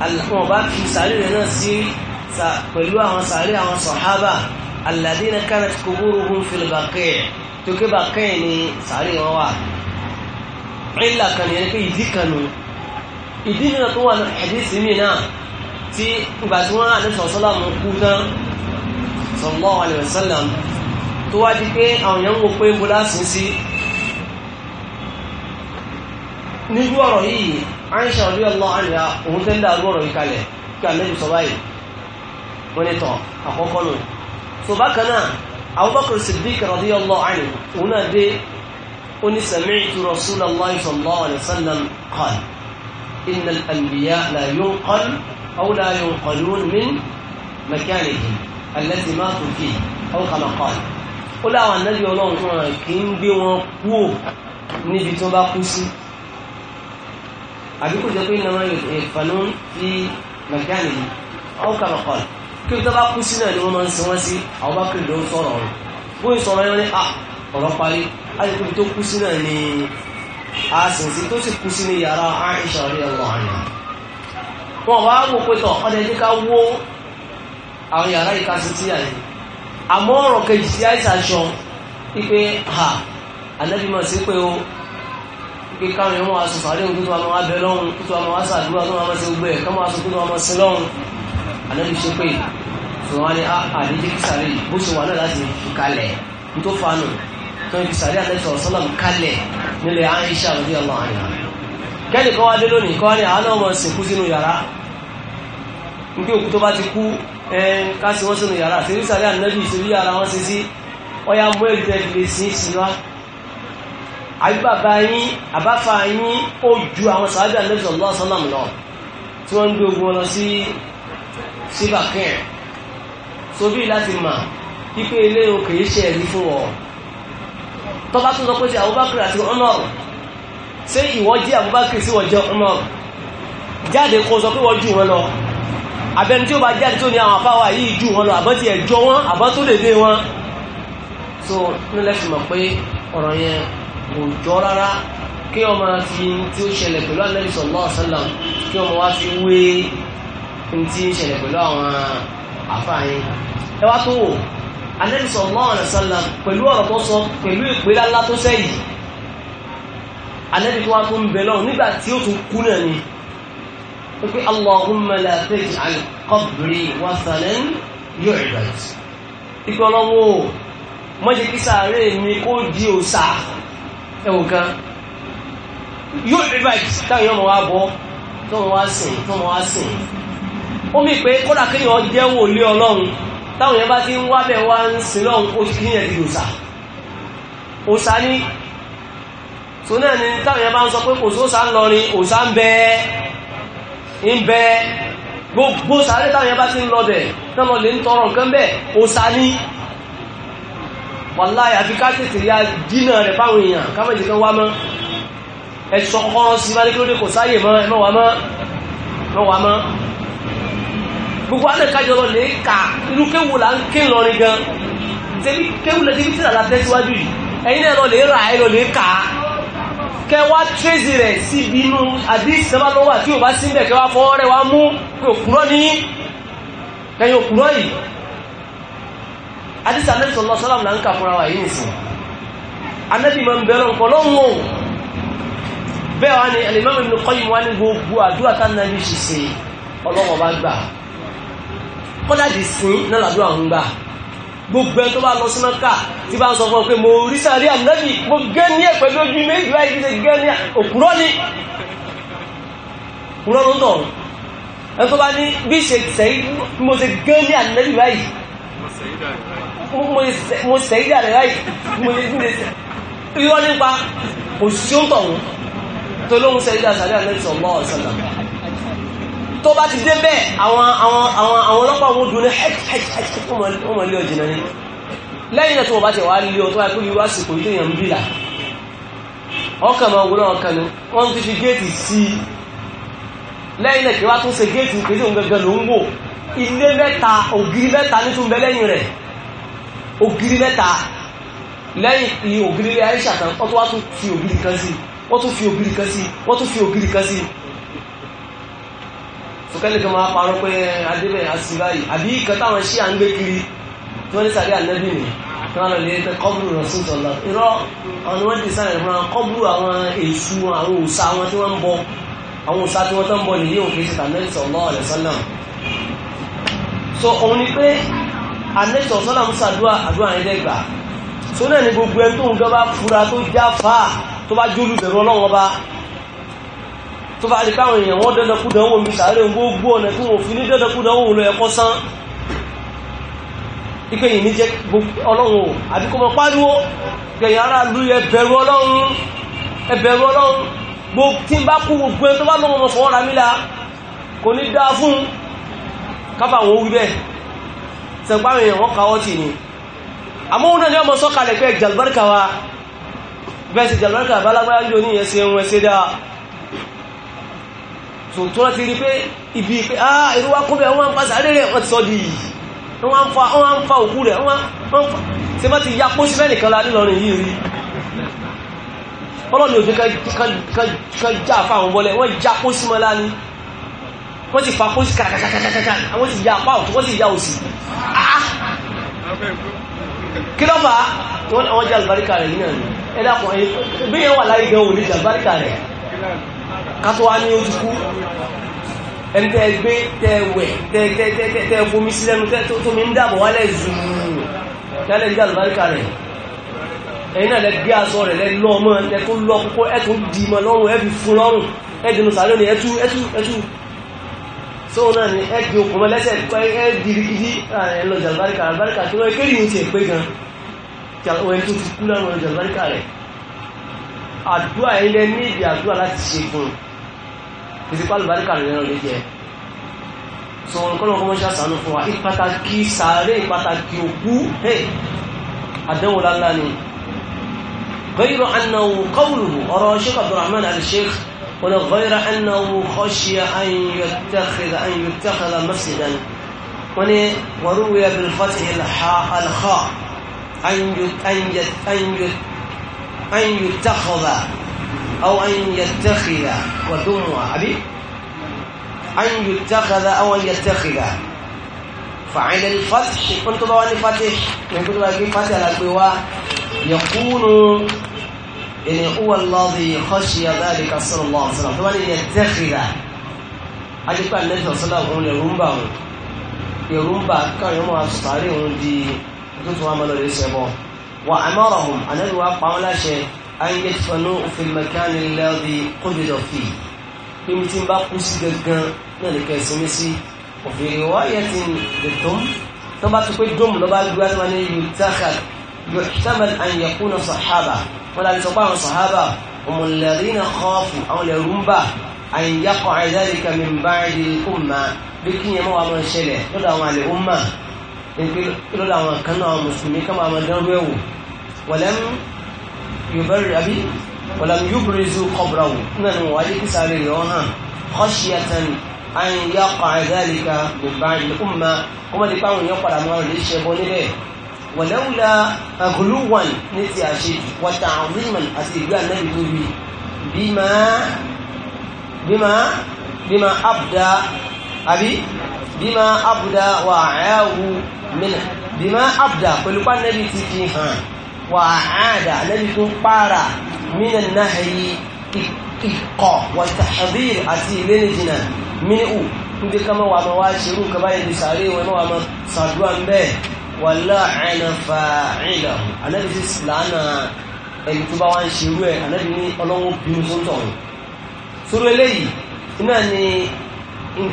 àwọn ọba fi sàárè rẹ̀ náà sí pẹ̀lú àwọn sàárè àwọn sahaba alladhina kanat quburuhum fil baqi' tó ké baqi' ni sàárè wọn wà ìlà kan yẹn pé ìdí kan ìdí nínú tó wà ní hadisi mi náà tí ìgbà tí wọ́n àdé sọ̀sọ́lámù kú tán sallallahu alaihi wasallam tó wá di pé àwọn èèyàn ń wo pé bó lásìn sí nígbú ọ̀rọ̀ yìí Aisha radiyallahu anha òun tẹ́ ń dá arú ọ̀rọ̀ yìí kalẹ̀ kí àlejò sọ báyìí wọ́n ní tọ̀ àkọ́kọ́ nù tó bákan anbiya la yunqal أو لا ينقلون من مكانه الذي ماتوا فيه أو كما قال ó láwọn ànábì ọlọ́run fún ọ̀rọ̀ kì í gbé wọn kúò níbi tí wọ́n bá kú sí àbí kò jẹ́ pé nàmá ìfànú fi mẹ̀gáàlì yìí àwọn kàmà kọ̀ kí wọ́n bá kú sí náà ni wọ́n máa ń sin wọ́n sí àwọn bá kiri ló ń sọ̀rọ̀ ọ̀rọ̀ bó ń sọ̀rọ̀ yẹn ní à ah, ọ̀rọ̀ parí àti kò tó kú sí náà ni a sì ń sin tó sì kú sí ní yàrá Aisha ọ̀rẹ́ ọ̀rọ̀ àná wọn wá wò pé tọ̀ ọdẹ ní ká wó àwọn yàrá ìkásí tí àyè àmọ́ ọ̀rọ̀ kejì sí àìsàn aṣọ wípé ha ànábì máa sí pé o wípé káwọn èèyàn máa sùn àdéhùn tó máa bẹ lọ́hùn tó máa sàdúrà tó máa ṣe gbogbo ẹ̀ ká máa sùn tó máa sin lọ́hùn ànábì ṣe pé sọ̀rọ̀ ni àdéjì kìsàrí bó ṣe wà náà láti fi kalẹ̀ tó fanù tó fi sàrí àdéjì sọ̀rọ̀ sọ́lá kalẹ̀ nílẹ̀ Àìṣà radiyallahu anha kẹ́ni kan wá dé lónìí kan ní àwọn ọmọ sìnkú sínú yàrá nígbà òkú tó bá ti kú ẹn ká sí wọ́n sínú yàrá sírí sàrí ànábì ìṣòrí yàrá wọ́n sí sí ọya mú èrì tẹ́ lè sí sí wá àbíbàbá yín àbáfà yín ó ju àwọn sàájú ànábì sallallahu alaihi wasallam lọ tí wọ́n ń gbé ogun lọ sí síbà kẹ́ẹ̀ sobí láti mà pípé ilé òkè iṣẹ́ rí fún ọ tọ́ba tó sọ pé ti Abubakar àti Umar ṣé ìwọ jẹ́ Abubakar sí wọ́n jẹ́ Umar jáde kó sọ pé wọ́n jù wọn lọ abẹni tí ó bá jáde tó ní àwọn afáwà yìí jù wọn lọ àbọ́ ti ẹ̀jọ́ wọn àbọ́ tó lè dé wọn so nílẹ̀ fi mọ̀ pé ọ̀rọ̀ yẹn kò jọ rárá kí wọ́n fi tí ó ṣẹlẹ̀ pẹ̀lú Ànábì sallallahu alaihi wasallam kí wọ́n wá fi wé tí ń ṣẹlẹ̀ pẹ̀lú àwọn àfáàyìn ẹ wá tó wò Ànábì sallallahu alaihi wasallam pẹ̀lú ọ̀rọ̀ tó sọ pẹ̀lú ìpínlẹ̀ ńlá tó alẹ́bí tó wá tó ń bẹ lọ́wọ́ nígbà tí ó tún kú náà ni ó pé Allahumma la taj'al qabri wasanan yu'bad ikọ̀ lọ́wọ́ mọ́jẹ́ kí sàárè mi kó di òsà ẹ̀wọ̀n kan yu'bad táwọn yọmọ wa bọ́ tó wọ́n sìn tó wọ́n sìn ó mì pé kódà kéèyàn jẹ́ wòlé ọlọ́run táwọn yẹn bá ti ń wábẹ̀ wá ń sin lọ́run ó ti kí so náà ni táwọn yẹn bá ń sọ pé kò sóòsà ń lọrin òsà ń bẹ ń bẹ gbogbo sàárè táwọn yẹn bá ti ń lọ bẹ̀ náà lọ lè ń tọrọ nǹkan bẹ̀ òsà ni wàláyà àfi ká tètè ya dínà rẹ̀ fáwọn èèyàn ká mẹ́jì kan wá mọ́ ẹ sọ kọ́kọ́rọ́ sí wáyé kí ló dé kò sáyè mọ́ ẹ mọ́wàá mọ́ mọ́wàá mọ́ gbogbo alẹ́ kájọ lọ lè kà irú kéwù là ń ké lọrin gan tẹ́bí kéwù lẹ́tẹ́bí tí làlá tẹ́síwájú yìí ẹ̀yin náà lọ lè rà ẹ lọ lè kà á kẹwa tírèsì rẹ̀ sí ibi inú àdíṣì sábà ló wà tí ò bá sí bẹ̀ kẹwa fọwọ́ rẹ̀ wá mú pé òkúrọ́ ní kẹyìn òkúrọ́ yìí àdíṣì Ànábì sallallahu alaihi wasallam là ń kà fúnra wà yìí nìsín Ànábì máa ń bẹ̀rẹ̀ nǹkan lọ́wọ́ o bẹ́ẹ̀ wá ní gbogbo ẹni tó bá lọ sí mẹ́ka tí bá ń sọ fún ọ pé mo rí sàárì ànábì mo gẹ́ ní ẹ̀ pẹ̀lú ojú méjì láì fi ṣe gẹ́ ní òkúrọ́ ni òkúrọ́ ló ń tọ̀ ẹni tó bá ní bí ṣe sẹ́yìn mo ṣe gẹ́ ní ànábì báyìí mo sẹ́yìn dà rẹ̀ báyìí mo ṣe ṣe irọ́ nípa òṣìṣẹ́ ń tọ̀ tó lóhun sẹ́yìn dà sàárì ànábì sọ̀rọ̀ mọ́ ọ̀sán náà tó bá ti dé bẹ́ẹ̀ àwọn àwọn àwọn àwọn ọlọ́pàá wọn dùn ní hẹ́kìhẹ́kì wọ́n mọ̀ lé ni lẹ́yìn náà tó bá ti wá lé ọ tó bá kúrò wá sìkò ilé èèyàn bílà ọkàn máa wúlọ ọkàn ni wọ́n ti fi géètì sí i lẹ́yìn náà kí wá tún ṣe géètì kí tóun gẹ́gẹ́ ló ń wò ilé mẹ́ta ògiri òkèlè kan máa parọ́ pé adébẹ̀ àṣìbá yìí àbí ìkan táwọn ṣí à ń gbé kiri tí wọ́n ní sàrí ànábì nì tí wọ́n lọ lè tẹ kọ́bùrù rẹ̀ sí ìtọ̀lá irọ́ àwọn ni wọ́n ti sáré fún wọn kọ́bùrù àwọn èṣù àwọn òòṣà wọn tí wọ́n ń bọ àwọn òòṣà tí wọ́n tó ń bọ nìyí òfin ti tàbí sallallahu alaihi wasallam so òun ni pé anẹ́sọ̀ sọ́lá ń sàdúrà àdúrà ni gbogbo ẹ tó ń gbọ́ bá fura tó já tó bá di káwọn èèyàn wọ́n dandankudanwò mi sàárè gbogbo ọ̀nà tí wọ́n fi ní dandankudanwò lọ ẹ̀kọ́ sán ipe yìí ní jẹ́ ọlọ́run o àbí kó mọ pariwo gẹ̀yìn ara lu ẹbẹ̀rù ọlọ́run ẹbẹ̀rù ọlọ́run gbogbo tí ń bá kú gbogbo ẹni tó bá lọ́wọ́ fọwọ́ ra mí la kò ní dáa fún kábà wọn wí bẹ́ẹ̀ sẹ̀gbáwọn èèyàn wọ́n kawọ́ ni ọmọ sọ́kalẹ̀ pé so tó láti rí pé ibi pé ah irú wá kó bẹ́ wọ́n ń fa sàárè rẹ̀ wọ́n ti sọ di yìí wọ́n fa wọ́n fa òkú rẹ̀ wọ́n fa ṣe bá ti ya pọ́ sí mẹ́nìkan la nílọrin yìí rí ọlọ́ni òfin kan já fáwọn bọ́lẹ̀ wọ́n já pọ́ sí mọ́ láni wọ́n ti fa pọ́ sí kàkàkàkàkà àwọn ti ya apá ọ̀tún wọ́n ti ya òsì ah! kí lọ́ba wọ́n jẹ́ àlùbáríkà rẹ̀ yìí náà ẹ̀dá kan ẹ̀yìn bí yẹn wà láyé gan òní jẹ́ àlùbáríkà rẹ̀ kátó wá ní ojú kú ẹni tẹ́ gbé tẹ́ wẹ̀ tẹ́ fomi sí lẹ́nu tó mi ń dàbọ̀ wálẹ̀ zùúrù lálẹ́ ní àlùbáríkà rẹ̀ ẹ̀yìn náà lẹ gbé aṣọ rẹ̀ lẹ lọ ọmọ ẹ tó lọ kókó ẹ tó di mọ lọ́rùn ẹ fi fún lọ́rùn ẹ dìnnú sàlẹ̀ ní ẹtú ẹtú ẹtú sóun ni ẹ di okùn lẹ́sẹ̀ ẹ di rikidi ẹ lọ jàlùbáríkà àlùbáríkà tó lọ kéde ìhùn ti ẹ pé gan ọ̀hún ẹ tó ti kú lọ́rùn jàlùbáríkà rẹ̀ àdúrà ilẹ̀ ní ìdí àdúrà láti ṣe fún ìsìnkú àlùbáríkà rẹ̀ lẹ́nu lè jẹ́ so nǹkan ọkọ̀ mọ́ṣá sànú fún wa ìpàtàkì sàárè ìpàtàkì òkú àdánwò lálá ni غير أنه قوله أرى الشيخ عبد الرحمن على الشيخ ولا غير أنه خشي أن يتخذ أن يتخذ مسجدا وروي بالفتح الحاء الخاء an yutakhadha aw an yattakhidha wa dumwa àbí an yutakhadha aw an yattakhidha fa'ala al-fath kun tó bá wá ní fatih kun tó bá gbé fatih alágbé wa yakunu يعني هو الذي خشي ذلك صلى الله عليه وسلم ثم يتخذ أجل أن النبي صلى الله عليه وسلم يرمبا يرمبا كان يوم أصطاري وندي تتوامل ليس يبوه وأمرهم أن الواقع ولا شيء أن يدفنوا في المكان الذي قدر فيه بمتن باقوس جدًا ذلك يسمسي وفي رواية للدم ثم تقول الدم لو من يتخذ يحتمل أن يكون صحابة ولا تقام صحابة هم الذين خافوا أو لرمبا أن يقع ذلك من بعد الأمة بكين يموع من شله يدعو على الأمة pé kí ló làwọn kan náà mùsùlùmí kan máa dánrú ẹ̀ wò wọ̀lẹ́m yubẹ̀rẹ̀ àbí wọ̀lẹ́m yubrizu kọ̀bùrà wò náà ni wọ́n wáyé kí sáré rẹ̀ wọ́n hàn kọ́ṣíyàtàn àyìnyá kọ̀ àìdáríkà bèbá ìlúkùnmá kọ́mọdé pàwọn èèyàn padà máa lè ṣe bọ́ níbẹ̀ wọ̀lẹ́wùlá agolúwàn ní ti abdá àbí bímá abúdá wà áwù mílẹ̀ bímá abúdá pẹ̀lú pa nẹ́bí ti fi hàn wà áàdà nẹ́bí tó pààrà mílẹ̀ náà yí ìkọ̀ wà tàbír àti ilé nìjìnà mílíù níbi ká máa wà máa wá ṣerú ká báyìí bí sàárè wọn máa máa sàdúrà ń bẹ́ẹ̀ wà láàánà fàáìlà ànábì sí làánà ẹni tó bá wá ń ṣerú ẹ̀ ànábì ní ọlọ́wọ́ bínú tó ń tọ̀ sórí eléyìí iná ni n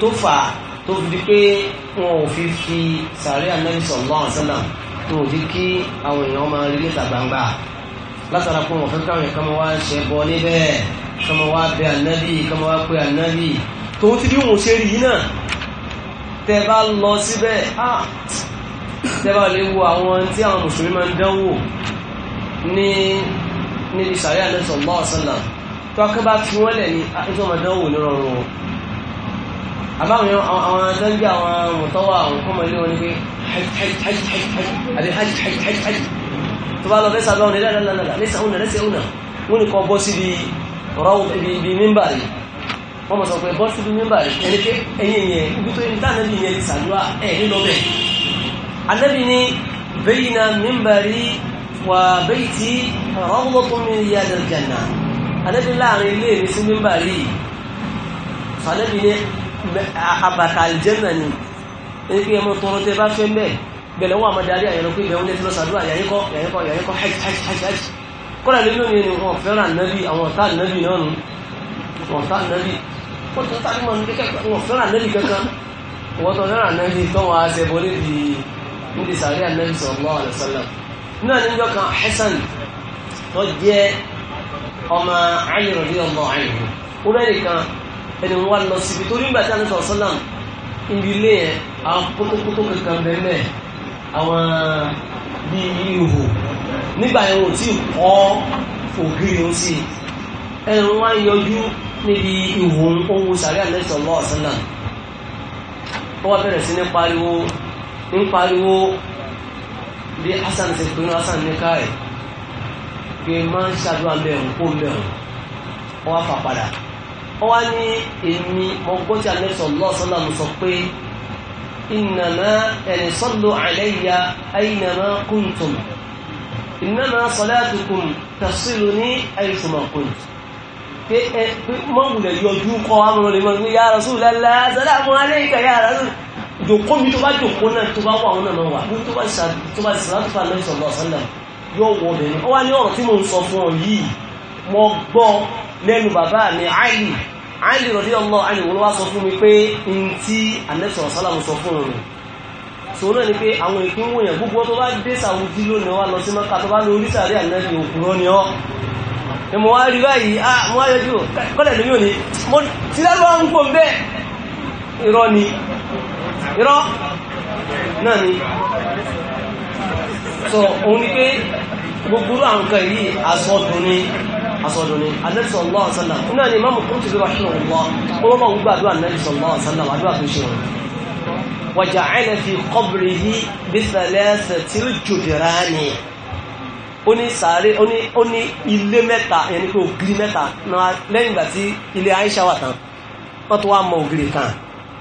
tó fi di pé wọn ò fi fi sàárè Ànábì sallallahu alaihi wasallam tó ò fi kí àwọn èèyàn máa rí níta gbangba látara pé wọn fẹ́ káwọn èèyàn kọ́mọ wá ṣe bọ níbẹ̀ kọ́mọ wá bẹ Ànábì kọ́mọ wá pé Ànábì tó ti bí wọn ṣe rí náà tẹ bá lọ síbẹ̀ tẹ bá lè wo àwọn tí àwọn mùsùlùmí máa ń dánwò ní níbi sàárè Ànábì sallallahu alaihi tó akẹ́bá fi wọ́n lẹ̀ ní àtúntò máa dánwò nírọ̀rùn àbáwọn àwọn tẹ́lẹ̀ àwọn mọ̀tọ́wà àwọn kọ́mọ ilé wọn ni pé àbí hajj hajj hajj hajj tó bá lọ lẹ́sà lọ́wọ́ nílẹ̀ lẹ́lẹ́lẹ́lẹ́ lẹ́sà òun lẹ́sà òun wọn ni kọ́ bọ́ síbi ọ̀rọ̀ ibi mímbà rẹ̀ wọ́n mọ̀ sọ pé bọ́ síbi mímbà rẹ̀ ẹni pé ẹ̀yìn yẹn ibi tó ń tà nẹ́bí yẹn ti sàdúrà ẹ̀ nílọ bẹ́ẹ̀ anẹ́bí ni bayna mímbàrí wà bayti rawdatun min riyadil janna anẹ́bí láàrin ilé mi sí mímbàrí sàdẹ́bí ni àbàtà àlìjẹ́nà ni ẹni pé ẹmọ tọrọ tẹ bá fẹ́ mbẹ́ bẹ̀rẹ̀ wọ́n àmọ́ darí àyẹ̀rọ pé bẹ̀rẹ̀ ti lọ sàdúrà yàyẹ́kọ́ yàyẹ́kọ́ yàyẹ́kọ́ hajj hajj hajj hajj kọ́lá lè lónìí ni wọ́n fẹ́ràn ànábì àwọn ọ̀tá ànábì náà nù wọ́n tá ànábì wọ́n tó tá ànábì kankan wọ́n fẹ́ràn ànábì kankan wọ́n tó fẹ́ràn ànábì tó wọ́n á ṣe bọ́ níbi níbi sàrí sallallahu alaihi wasallam náà níjọ́ kan Hasan tó jẹ́ ọmọ Ali radiyallahu anhu ẹni wá lọ síbi torí nígbà tí a ní sọ sọ́làm níbi ilé yẹn àwọn kótókótó kankan bẹ́ẹ̀ àwọn bíi ihò nígbà yẹn wọn ò tí ì kọ́ ògiri ń sí ẹni wá yọjú níbi ihò ohun sàríà lẹ́sọ̀ lọ́ọ̀ sọ́làm ó wá bẹ̀rẹ̀ sí ní pariwo ń pariwo bí Hasan ṣe pinnu Hasan ní káyì pé máa ń ṣàdúrà mẹ́rin kó mẹ́rin wọ́n á fà padà ó wá ní èmi mo gbọ́ tí alẹ́ sallallahu alaihi wasallam sọ pé ìnàmá ẹni sallu alayya aynama kuntum ìnàmá salatukum tasiluni aythuma kuntum pé ẹ pé mọ́wùlẹ̀ yọjú kọ́ àwọn olè mọ́ ya Rasulullah salamu alayka ya Rasul jòkó mi tó bá jòkó náà tó bá wà wọn náà wà ní tó yóò wọ bẹ̀rẹ̀ ó ní ọ̀rọ̀ tí mo ń sọ fún ọ yìí mo gbọ́ lẹ́nu bàbá mi Àlì àìlè rọ̀dí ọmọ àìlèwọ́n wá sọ fún mi pé n tí anẹ́sọ̀ sálàmù sọ fún òun sòwò náà ni pé àwọn ìpín wòyàn gbogbo tó bá dé sàwùjí lónìí wá lọ sí mọ́ka tó bá lọ orísàrí ànẹ́bí òkúrọ́ ni ọ́ ni mo wá rí báyìí a ah, mo wá yọjú kọ́lẹ̀ lómi òní mo ti lẹ́rọ ń pò bẹ́ẹ̀ irọ́ ni irọ́ náà ni So, òun ni pé gbogbo àwọn nǹkan yìí asọ́dún ni asọ́dún ni Ànábì sallallahu alaihi wasallam náà ni Imam Qurtubi rahimahullah wọ́n bá wúgbà àdúrà Ànábì sallallahu alaihi wasallam àdúrà tó ṣe wọn wa ja'ala fi qabrihi bi thalathati al-judrani ó ní sàárè ó ní ilé mẹ́ta yẹn ni pé ògiri mẹ́ta lẹ́yìn ìgbà tí ilé Aisha wà tán wọ́n tó wá mọ ògiri kan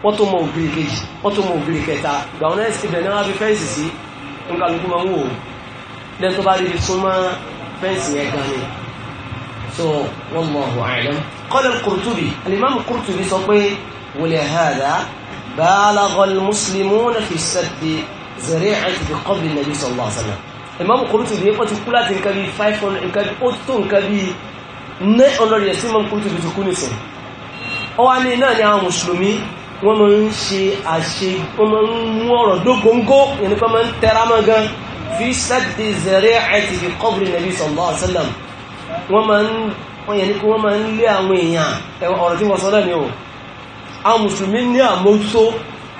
wọ́n tó mọ ògiri kejì wọ́n tó mọ ògiri kẹta ìgbà wọn náà fẹ́ǹsì yẹn gan ni so wallahu a'lam qala al-Qurtubi al-imam al-Qurtubi sọ pé wòlẹ̀ hàdá balagha al-muslimuna fi saddi zari'ati fi qabri nabi sallallahu alaihi wasallam imam Qurtubi ní pọ́tí kú láti nǹkan 500 nǹkan bí ó tó nǹkan bí 900 years imam Qurtubi ti kú nìsìn ọwá ní náà ni àwọn mùsùlùmí wọ́n máa ń ṣe àṣe wọ́n máa ń mú ọ̀rọ̀ dógóńgó yẹn nípa máa ń tẹra gan fi saddi zari'ati fi qabri nabi sallallahu alaihi wasallam wọ́n máa ń wọ́n yẹ ní kí wọ́n máa ń lé àwọn èèyàn ọ̀rọ̀ tí wọ́n sọ lẹ́nu o àwọn mùsùlùmí ní àmójútó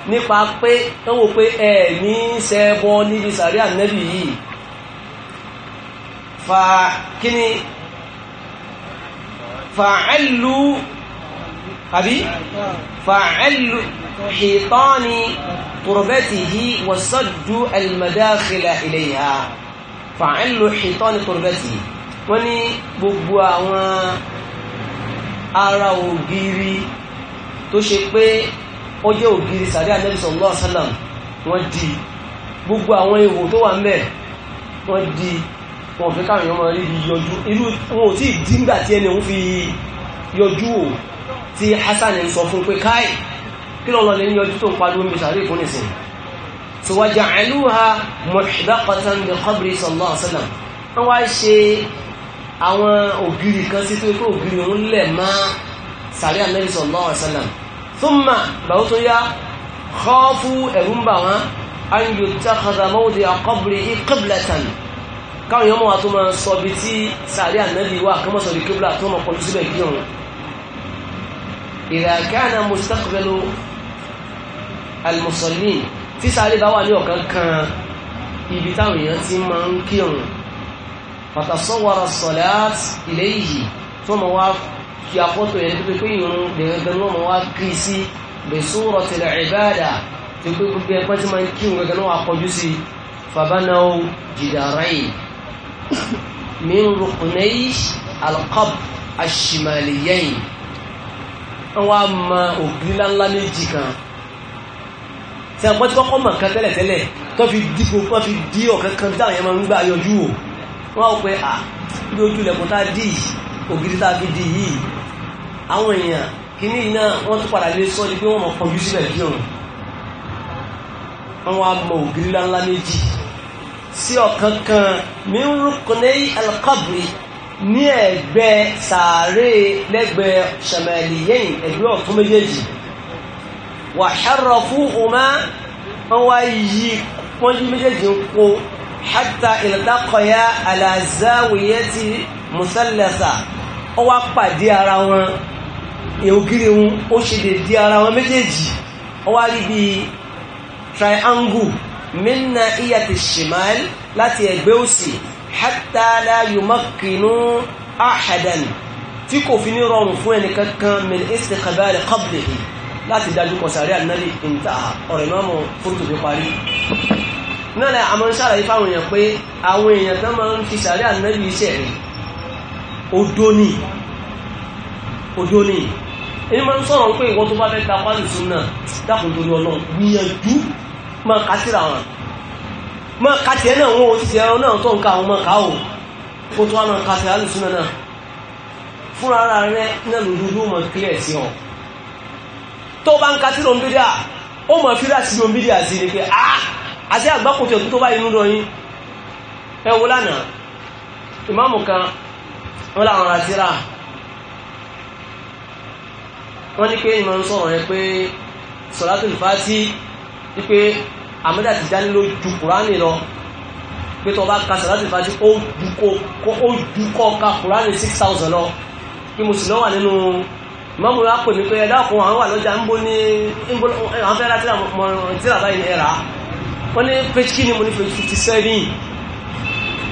nípa pé wọ́n wò pé ẹ ní sẹ́bọ níbi sàrí ànẹ́bì yìí fa kíni fa'allu àbí fa'allu hitani turbatihi wasaddu almadakhila ilayha fa'allu hitani turbatihi wọ́n ní gbogbo àwọn ara ògiri tó ṣe pé ó jẹ́ ògiri sàrí ànábì sallallahu alaihi wasallam wọ́n di gbogbo àwọn ihò tó wà ńbẹ̀ wọ́n di wọn fi káwọn èèyàn máa rí yọjú irú wọn ò tí ì díngbà tí ẹni òun fi yọjú ò tí Hasan ń sọ fún pé káì kí lọ́lọ́ lè ní yọjú tó ń pariwo mi sàrí ìkún nìsín tí wọ́n jà ẹlú ha mọ̀ṣídàkọ̀tàn ní kọ́bìrì sallallahu alaihi wọ́n wá ṣe àwọn ògiri kan sí pé kó ògiri òun lẹ̀ mọ́ sàárẹ̀ Ànábì sallallahu alaihi wasallam thumma bàbá tó yá khafu ẹ̀rú ń bà wọ́n an yutakhadha mawdi'a qabrihi qiblatan káwọn èèyàn mọ̀ wá tó máa sọ bí tí sàárẹ̀ Ànábì wà kí wọ́n sọ bí tó máa kọjú síbẹ̀ kí òun idha kana mustaqbalu al-musallin tí sàárẹ̀ bá wà ní ọ̀kan ibi táwọn èèyàn ti máa ń kírun pàtàsọ́wọ́ra sọ̀láàt ilé yìí tó mọ̀ wá fi àpọ́tò yẹn tó pé ìrún gẹ̀gẹ̀gẹ̀ náà mọ̀ wá kí sí bẹ̀sọ́rọ̀ tẹ̀lẹ̀ ìbáàdà tó pé gbogbo ẹgbẹ́ tí máa ń kí gẹ̀gẹ̀ náà akọjú sí fabanáwó jìdàráyì min rukunai alqab ashimaliyayi wọ́n wá ma ògiri ńláńlá méjì kan tí a gbọ́ tí kọ́kọ́ mọ̀ kan tẹ́lẹ̀tẹ́lẹ̀ tó fi dí ọ̀kan kan tí àwọn yẹn máa ń gbà yọjú o wọ́n wọ́n pé à bí ojú ilẹ̀kùn tá a dì í ògiri tá a fi dì yìí àwọn èèyàn kìíní yìí náà wọ́n tún padà lé sọ́ọ́ di pé wọ́n mọ̀ kọjú síbẹ̀ bí òun wọ́n wá mọ ògiri ńláńlá méjì sí ọ̀kan kan min ruknay ní ẹ̀gbẹ́ sàárè lẹ́gbẹ̀ẹ́ shamaliyayn ẹ̀gbẹ́ ọ̀tún méjèèjì wàhárọ̀ fún ọmọ wọn wá yí wọ́n méjèèjì ń kó hatta ìlàkọ̀yà aláàzáwìyẹ́tì mùsálẹ̀sà ó wá pàdé ara wọn ìhògiri wọn ó ṣe lè di ara wọn méjèèjì ó wá rí bí triangle minna iyati shimal láti ẹgbẹ́ òsì hatta la yumakkinu ahadan tí kò fi ní rọrùn fún ẹni kankan min istiqbal qablihi láti dájú kọsàrí ànábì intaha ọ̀rọ̀ ìmọ̀ fúrútù fi parí náà lẹ́ àmọ́ ń ṣàlàyé fáwọn èèyàn pé àwọn èèyàn tán máa ń fi sàárẹ́ ànábì iṣẹ́ rẹ̀ odó ni odó ni èyí máa ń sọ̀rọ̀ pé ìwọ́n tó bá fẹ́ ta pálí sún náà dákùn torí ọlọ́run gbìyànjú máa kà síra wọn máa kà tiẹ̀ náà wọn ò ti tiẹ̀ náà tó nǹkan àwọn máa kà ó kó tó wá máa kà síra lùsùn náà fúnra ara rẹ náà lòdù ló máa kílẹ̀ sí ọ tó bá ń kà síra omi ó máa fi rà sí omi sí ni pé ah àti àgbákùtì ọ̀tún tó bá inú lọ yín ẹ wo lánàá ìmáàmù kan wọ́n láwọn ra síra wọ́n ní pé ìmọ̀ ń sọ̀rọ̀ rẹ pé sọ̀látùl fàtí ní pé àmọ́dá ti dání ló ju kùránì lọ pé tó bá ka sọ̀látùl fàtí ó ju kọ́ ka kùránì 6000 lọ kí mo sì lọ́wà nínú ìmọ̀mù rà pè mí pé ẹ̀dá ọkùnrin àwọn wà lọ́jà ń bó ní àwọn fẹ́ rà tíra báyìí wọ́n ní page kí ni mo ní page fifty seven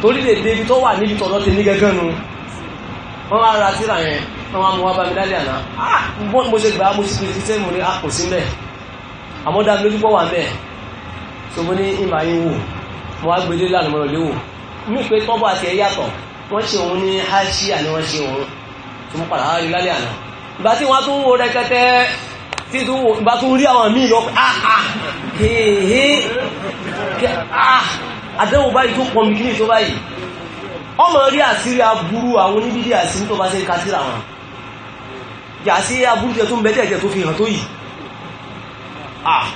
torí lè débi tó wà níbi tọ̀dọ̀ tèmi gẹ́gẹ́ nu wọ́n wá ra tíra yẹn wọ́n wá mú wá bá mi dálé àná bọ́n ah! mo ṣe gbà á mo sì fifty seven mo ní a ah, kò sí mẹ́ àmọ́ dá mi lójú pọ̀ wà mẹ́ so mo ní ìmọ̀ ayé wò mo wá gbélé lánàá mo lọ lé wò mí pé tọ́bọ̀ àti ẹ̀ yàtọ̀ wọ́n ṣe òun ní haṣíà ni wọ́n ṣe òun tó mú padà rí lálẹ́ àná ìgbà tí wọ́n tún wo rẹkẹtẹ tí tún wo ìgbà tún rí àwọn míì lọ pé ah ah hee hee àdéhùn báyìí tó pọ̀ mìkínì tó báyìí ọmọ rí àṣírí aburú àwọn oníbídí àṣírí tó bá ṣe ká síra wọn yà sí aburú tẹ tó ń bẹ́tẹ̀ tó fi hàn tó yìí ah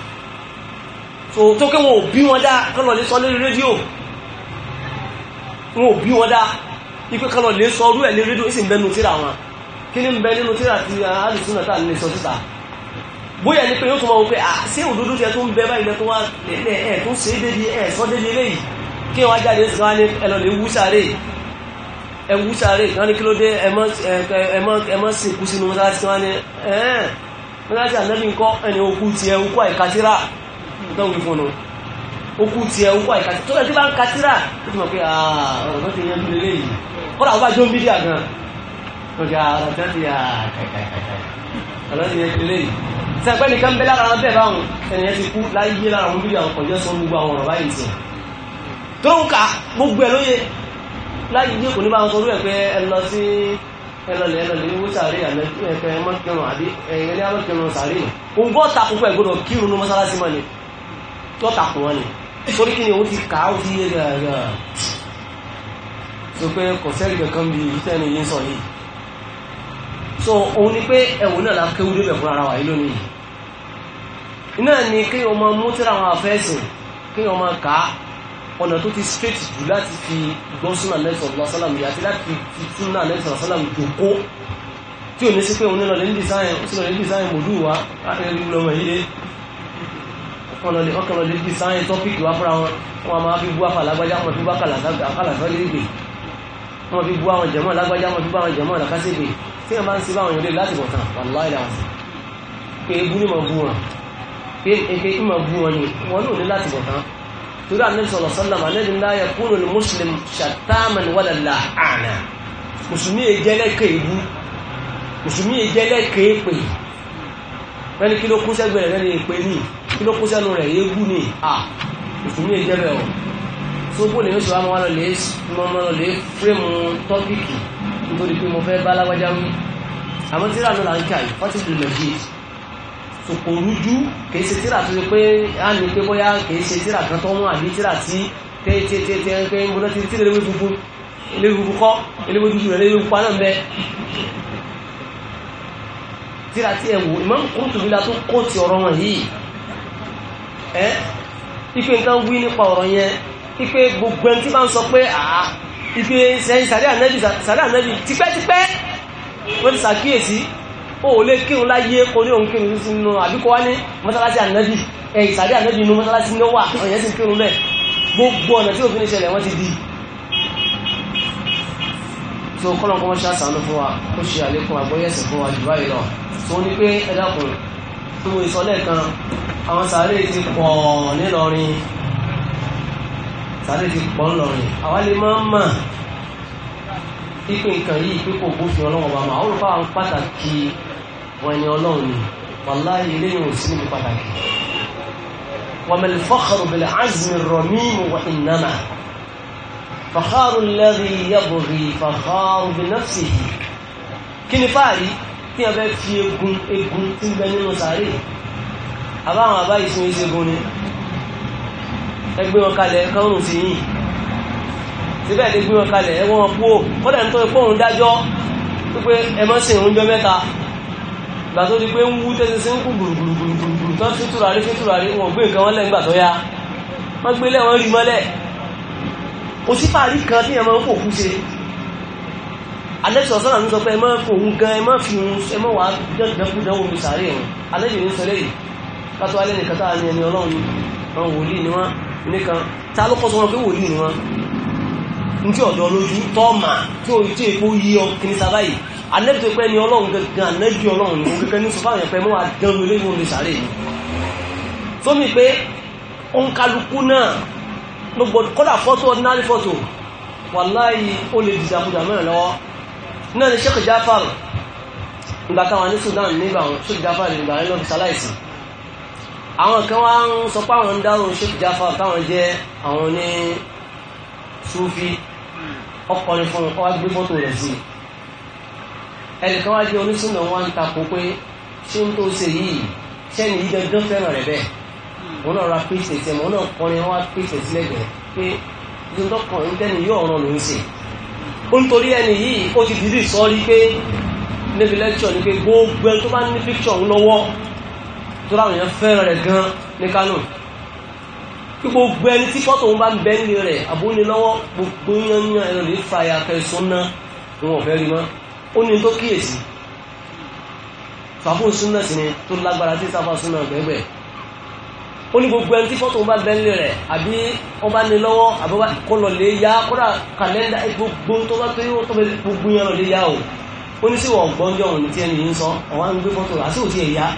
so tó kí wọn ò bí wọn dá kọlọ̀ lé sọ lórí rédíò wọn ò bí wọn dá ipé kọlọ̀ lé sọ orú ẹ̀ lé rédíò ìsìn bẹnu síra wọn kí ni ń bẹ nínú síra ti alùsùn náà tà lè sọ síta bóyá ní pé yóò tún máa wọ pé à ah, sí òdodo tẹ tó ń bẹ báyìí lẹ́tọ́ wá lẹ́ẹ̀ ẹ̀ tó ṣe é débi ẹ̀ sọ débi eléyìí kí wọ́n á jáde sí wọn ẹ lọ lè wú sáré ẹ wú sáré wọn ní kí ló dé ẹ mọ ẹ mọ ẹ mọ sí ikú sínú mọ́tàlá sí wọn ní ẹ̀ ẹ̀ mọ́tàlá sí ọ̀nà ti yẹ ìpínlẹ̀ yìí tí a pẹ́ nìkan bẹ́ lára bẹ́ẹ̀ báwọn ẹnìyẹn ti kú láyé lára àwọn bíbí àwọn kọjọ́ sọ gbogbo àwọn ọ̀rọ̀ báyìí sí tó ń ka gbogbo ẹ̀ lóye láyé yìí kò ní bá wọn sọ orúkẹ pé ẹ lọ sí ẹlọlẹ ẹlọlẹ owó sàárè ẹ̀kẹ́ mọ́kìrún àbí ẹ̀yẹlẹ́ mọ́kìrún sàárè òun gbọ́ takùn pẹ̀ gbọ́dọ̀ kírun ní mọ́sálásí mọ́ ni tó takùn wọn ni torí kí ni òun ti kà á ó ti yé gàgà sọ pé kò sẹ́rì kankan bí iṣẹ́ ni yín sọ yìí so òun ni pé ẹ̀wọ̀n náà la kéwú débẹ̀ fún ara wa yìí lónìí náà ni kí o máa mú tíra àwọn afẹ́sìn kí o máa kà á ọ̀nà tó ti straight jù láti fi gbọ́ súnà lẹ́sọ̀ ọ̀gbọ́n sálàmù àti láti fi súnà lẹ́sọ̀ sálàmù jòkó tí ò ní sí pé òun nílò lẹ́ni design ó sì lọ lẹ́ni design mòdù wa láti rí lọ́mọ yìí dé ọkàn lọ lẹ́ni design topic wa fúnra wọn wọn máa fi bú àfà lágbájá wọn fi bú àkàlà sọ́lẹ́gbẹ̀ wọn fi bú àwọn jẹ̀mọ́ lágbájá wọn fi bú àwọn jẹ̀mọ́ tí wọ́n bá ń sí báwọn yòlé láti bọ̀ tán wàláì láti pé ebú ní ma bú wọn pé eke ní ma bú wọn ni wọn ní òní láti bọ̀ tán torí àníbi sọ̀rọ̀ sọ́lá mà lẹ́nu náà yẹ kúrò ní muslim ṣàtàmàn wàlẹ̀ là àná mùsùlùmí yẹ e jẹ́lẹ́kẹ̀ ebú mùsùlùmí yẹ e jẹ́lẹ́kẹ̀ pè wọ́n ní kí ló kú sẹ́gbẹ̀rẹ̀ rẹ̀ ní èpè nítorí pé mo fẹ́ bá alágbájá wí àmọ́ tíra náà là ń kà yìí fọ́tí ìpìlẹ̀ jì so kò rújú kìí ṣe tíra tó ṣe pé á ní pé bóyá kìí ṣe tíra kan tó mú àbí tíra tí tẹ́tẹ́tẹ́ pé ń bọ́lá ti tíra léwé funfun léwé funfun kọ́ léwé dúdú rẹ̀ léwé pupa náà bẹ́ tíra tí ẹ wò Imam Qurtubi la tó kó ti ọ̀rọ̀ wọn yìí ẹ́ ipe nǹkan wí nípa ọ̀rọ̀ yẹn ipe gbogbo ẹni tí bá ń sọ ìpè sẹ́yìn sàrí ànẹ́bì sàrí ànẹ́bì tipẹ́tipẹ́ wọ́n ti sàkíyèsí ó lè kírun láyé orí òun kírun sínú àbíkọ́ wá ní mọ́sálásí ànẹ́bì ẹ̀yìn sàrí ànẹ́bì inú mọ́sálásí ní wà ọ̀yẹ́ sì kírun lẹ̀ gbogbo ọ̀nà tí òfin ní ṣẹlẹ̀ wọ́n ti di tó kọ́lọ̀ kọ́ ṣe àṣàánú fún wa ó ṣe àlékún àgbóyẹ̀sìn fún wa jù báyìí lọ tó ní pé ẹ̀dàkùn tó ìsọlẹ̀ kan àwọn sàárè ti pọ̀ nílọrin sáré ti pọ̀ ńlọrin àwa lè máa ń mà pípé nǹkan yìí pé kò bófin ọlọ́wọ́ bá mà àwọn olùkọ́ àwọn pàtàkì wọn ni ọlọ́run ni wàláyé eléyìí ò sí níbi pàtàkì وما الفخر بالعزم الرميم وإنما فخار الذي يبغي فخار بنفسه kí ni fáàrí tí a bẹ́ fi egun egun tí ń bẹ nínú sàárè àbáwọn àbá ìsún ìṣègùn ni ẹ gbé wọn kalẹ̀ kọ́rùn sí yìí síbẹ̀ lè gbé wọn kalẹ̀ ẹ wọ́n kú ò kọ́dà ń tọ́ ẹ pọ́n dájọ́ wípé ẹ mọ́ sí ìrúnjọ mẹ́ta gbà tó di pé ń wú tẹ́sí sí ń kú gbùrùgbùrùgbùrù tán sí tùràrí sí tùràrí wọn gbé nǹkan wọn lẹ́ ńgbà tó yá wọ́n gbé lẹ́wọ̀n rí mọ́lẹ̀ kò sí fàárí kan tí ẹ máa ń fòkú ṣe alẹ́sọ̀ sọ́nà ń sọ pé ẹ máa fòun gan ẹ máa fi hun ẹ máa wà dẹ́kúdẹ́wò mi sàárè wọn alẹ́ yìí ń sọ lẹ́yìn ká alẹ́ nìkan tá a ní ẹni ọlọ́run wọn wòlíì ni wọ́n nìkan ta ló kọ́ sọ wọn pé wòlíì ni wọn n tí ọ̀dọ́ lójú tọ́ọ̀mà tí o tí èpo yí ọ kìíní sábà yìí anẹ́bí tó pẹ́ ni ọlọ́run gẹ́gẹ́ anẹ́bí ọlọ́run ni gẹ́gẹ́ ní sọ́fà yẹn pẹ́ mọ́ àdánwò eléyìí wọn lè sàárè ni sómi pé òǹkàlùkù náà ló gbọdọ̀ kọ́dà fọ́tò ordinary fọ́tò wàláyé ó lè dìjà kújà mẹ́rin lọ́wọ́ náà ni Sheikh Jafar ìgbà táwọn ní Sudan nígbà wọn Sheikh Jafar ìgbà yẹn lọ́ọ́ fi sáláìsì àwọn kan wá ń sọ pé àwọn ń dárò Sheikh Jafar táwọn jẹ́ àwọn ní Sufi ọkọrin fún ọwá gbé fọ́tò rẹ̀ sí ẹnìkan wá jẹ́ onísùnà wá ń takò pé ṣé ń tó ṣe yìí ṣẹ́ni yìí dandan fẹ́ràn rẹ̀ bẹ́ẹ̀ òun náà ra pèsè sí ẹ̀mọ́ náà kọrin wá pèsè sílẹ̀ gẹ̀ pé ní tọkùnrin tẹ́ni yóò ọ̀rọ̀ ló ń ṣe ó ń torí ẹni yìí ó ti dìídì sọ́ọ́rí pé níbi lẹ́kṣọ̀ ni pé gbogbo ẹni tó bá ní píkṣọ̀ ń lọ́wọ́ tó láwọn èèyàn fẹ́ràn rẹ̀ gan ní Kánò kí gbogbo ẹni tí fọ́tò wọn bá ń bẹ́ nílé rẹ̀ àbúlé gbogbo yányán ẹran lè fa ya ni wọn fẹ́ rí mọ́ ó ní tó kíyèsí fàfún súnà sí ni tó lágbára tí sáfà súnà gbẹ́gbẹ́ ó ní gbogbo ẹni tí fọ́tò wọn bá bẹ́ nílé rẹ̀ àbí wọn bá ní lọ́wọ́ àbí wọn kọ́ lọ lè yá kódà kàlẹ́ndà gbogbo tó bá pé tó bẹ gbogbo yẹn lọ lè yá o ó ní sí wọn gbọ́njọ́ òun ti ẹni yìí ń sọ ọ̀wá ń gbé fọ́tò rà sí òtí ẹ̀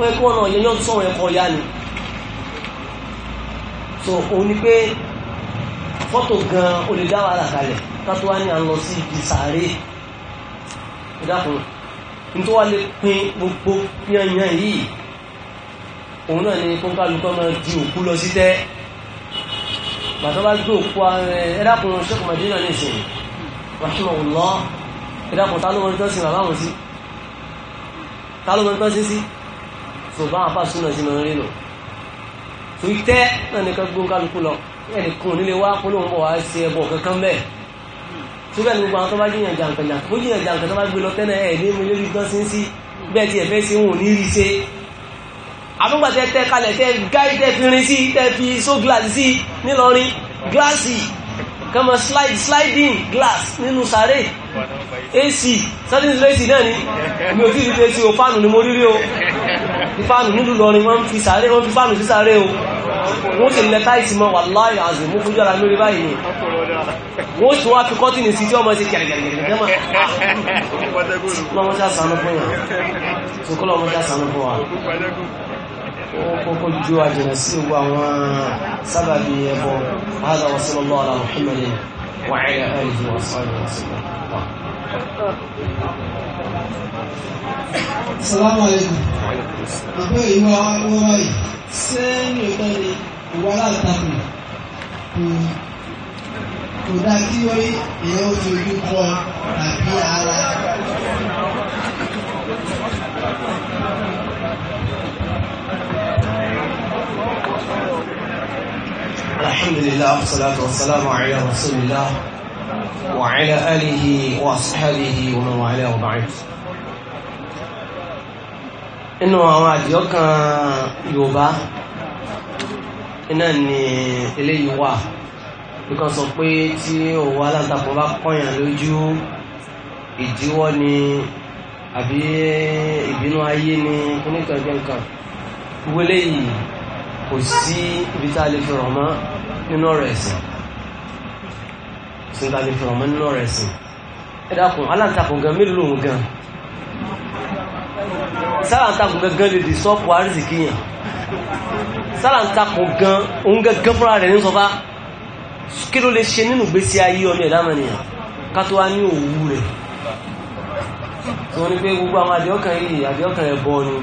wọ́n kí wọ́n náà yọ́n sọ̀rọ̀ ẹ̀kọ́ ya ni so òun ni pé fọ́tò gan o lè dá wàhálà kalẹ̀ kátó wá ní à ń lọ sí ibi sàárè ìdákùn nítorí wá lè pin gbogbo yanyan yìí òun náà ni kó kálukọ́ máa di òkú lọ sí tẹ́ bàtọ́ bá gbé òkú ẹ̀dàkùn ṣẹ́kù mẹ́dínà ní ìsìn rahimahullah ẹ̀dàkùn tá ló mọ ní tọ́sí bàbá sí tá ló mọ ní tọ́sí sí tó bá àfà súnà sí máa ń rí nù tó tẹ́ náà nìkan ni gbogbo àwọn tó bá jìyàn jàǹkàn jàǹkàn bó jìyàn jàǹkàn tó bá gbé lọ tẹ́lẹ̀ ẹ̀ ní mo lórí gan sí sí bẹ́ẹ̀ ti ẹ̀fẹ́ sí wọn ò ní rí ṣe àbúgbàtẹ tẹ kalẹ̀ tẹ gáì tẹ fi rin sí tẹ fi slide sliding glass nínú sáré ac sardines lẹ́sì náà ni mi ò tí ì rí pé ni fífánù nílùú lọrin wọ́n fi sàárè wọ́n fi fánù sí sàárè o wọ́n sì lẹ́ta ìsìnmọ̀ wà láàyè àzùn mú fújọ́ ara lórí báyìí ni wọ́n sì wá fi kọ́tìnì sí tí ọmọ ti kẹ̀rẹ̀gẹ̀rẹ̀gẹ̀rẹ̀ وكوكو جوا جنسي وسبب يبو هذا وصلى الله على محمد وعلى اله وصحبه وسلم السلام عليكم اخوي هو هو سن يطري ولا تطري وداكي وي يو تو تو كو ابي على الحمد لله والصلاة والسلام على رسول الله وعلى آله وأصحابه ومن والاه وبعده inú àwọn àdìọ́kan yorùbá iná ni eléyìí wà nìkan sọ pé tí òwò aláǹtakùn bá kọyàn lójú ìdíwọ́ ni àbí ìbínú ayé ni oníkan ẹgbẹ́ nǹkan gbogbo eléyìí kò sí ibi tá a lè fi rọ̀ mọ́ nínú ọ̀rọ̀ ẹ̀sìn sí ta lè fi mọ́ nínú ọ̀rọ̀ ẹ̀sìn ẹ dákun gan mélòó gan sára ń takùn gangan lè dìsọ́pù àrísìkí yàn sára ń takùn gan òun gangan fúnra rẹ̀ ní sọfá kí ló lè ṣe nínú gbésí ayé ọmọ ẹ̀dá mẹ́nìyàn ká tó wá ní òwú rẹ̀ wọ́n ní pé gbogbo àwọn àdéhọ́kàn yìí àdéhọ́kàn rẹ̀ bọ́ ni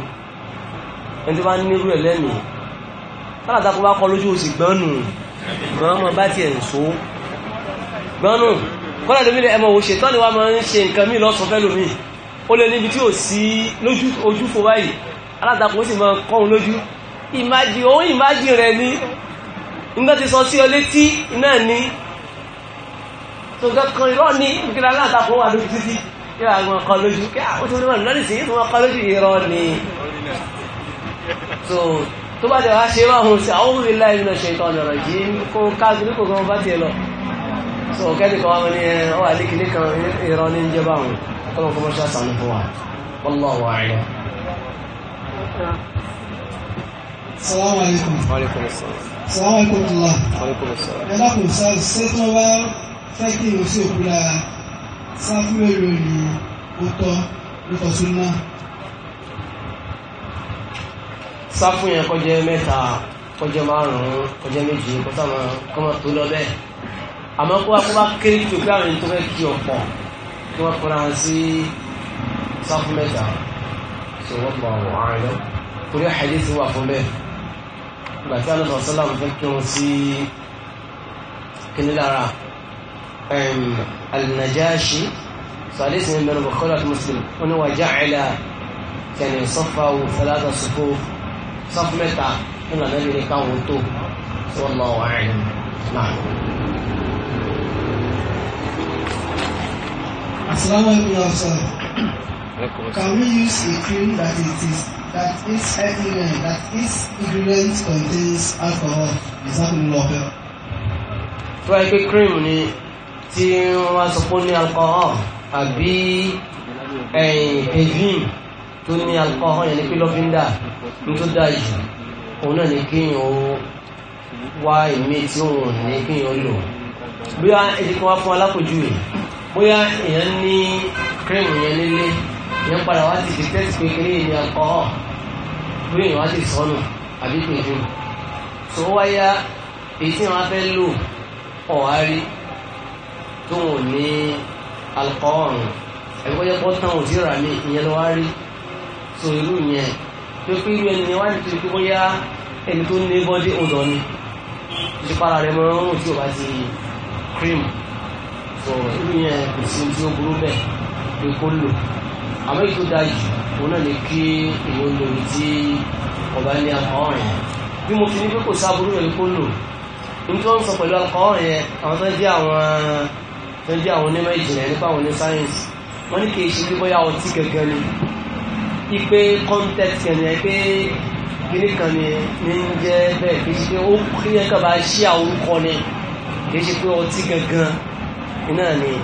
ẹni tó bá nírú ẹ̀ lẹ́nìí sára takùn bá kọ lójú òsì gbọ́nù gbọ́n mọ bá tiẹ̀ ń so gbọ́nù kọ́lá lómi ẹ̀ mọ̀ wò ṣètọ́ ni wàá máa ń ṣe nǹkan míì lọ́sọ̀fẹ́ lómi ó lè níbi tí ò sí lójú ojúfò báyìí alátakò ó sì máa kọ́ òun lójú ìmájì òun ìmájì rẹ̀ ní nígbà tí sọ sí ọ létí náà ní tó nǹkan kan irọ́ ní nígbà alátakò wà lójú títí yóò àwọn ọkọ̀ lójú kí ó ti wọ́n lọ́nà sí ìfún ọkọ̀ lójú irọ́ ní so tó bá tẹ̀wá ṣe bá hun sí àwọn òbí láì nínú ṣe ìtọ́ ọ̀nà yìí kó káàkiri kò gan bá tiẹ̀ lọ so kẹ́ni kan wá ní ọwà ní kìnnìkan irọ́ ní ń jẹ́ ọlọ́run kọ́mọ́ ṣáà sànú fún wa wallahu a'lam. salaamaleykum. maaleykum salaam. salaamaleykum tula. maaleykum salaam. ẹ dákun sáré ṣé tí wọ́n bá fẹ́ kí n sí òkú lára sáfù èrò ni ó tọ́ yẹn kọjá mẹ́ta kọjá márùn-ún kọjá méje kọ́sàmọ́ kọ́mọ́ tó lọ bẹ́ẹ̀ àmọ́ kó wá kó wá kéré jù pé àwọn ènìyàn tó fẹ́ kí ọ̀pọ̀ kí wọ́n fọ́nra wọn sí sáfù mẹ́ta tó wọ́n mọ̀ àwọn ààrẹ torí hadith wà fún bẹ́ẹ̀ ìgbà tí alẹ́ sọ́lá fẹ́ kí wọ́n sí kíní lára al-Najashi sàlẹ́sì ní mẹ́rin bọ̀kọ́lá tó Muslim wọ́n ni wà já ẹ̀lá kẹ́ni sọ́fà wò fẹ́láta sọ́fò sáfù mẹ́ta nínú àdáyé káwọn tó wọ́n mọ̀ àwọn ààrẹ náà Assalamualaikum officer. Can we use a cream that it is that is everywhere that its ingredient contains alcohol? Is that in law? Tó ẹ pé cream ni tí wọ́n sọ pé ó ní alcohol àbí ẹ̀yìn eh, tó ní alcohol yẹn ní pé lọ́fíńdà ní tó dáa jù òun náà ní kéèyàn ó wá ìmí tí òun ní kéèyàn ó lò. Bí wọ́n á wá fún alákòjú yìí bóyá èèyàn ní cream yẹn nílé èèyàn padà wá ti fi test pé kéré ní alcohol bóyá èèyàn wá ti sọnù àbí pèjú tó wáyá èyí tí wọn fẹ́ lò ọ̀hárí tó wọn ní alcohol ẹgbẹ́jọ́ pọ́ tán òsì rà mí ìyẹn lọ́wọ́ rí so irú yẹn tó pé irú ẹni yẹn wá nítorí pé bóyá ẹni tó ní bọ́dí ọ̀dọ́ ni ìṣípàrà rẹ̀ mọ́ ọ́n tí ò bá ti cream tó irú yẹn kò sí tí ó burú bẹ́ẹ̀ pé kó lò àmọ́ èyí tó dáa jù òun náà lè kí èèyàn lò ní tí ọba ní alcohol yẹn bí mo fi ní pé kò sá burú yẹn kó lò ní tí wọ́n ń sọ pẹ̀lú alcohol yẹn àwọn tó jẹ́ àwọn tó jẹ́ àwọn onímọ̀ ìjìnlẹ̀ nípa àwọn oní sáyẹ́nsì wọ́n ní kì í ṣe bí bóyá ọtí gẹ́gẹ́ ni ipe context yẹn ni pé kan ni ní ń jẹ́ bẹ́ẹ̀ kì í ṣe pé ó kí yẹn kàn ṣí àwọn orúkọ ni kì í ṣe pé ọtí gẹ́gẹ́ iná ni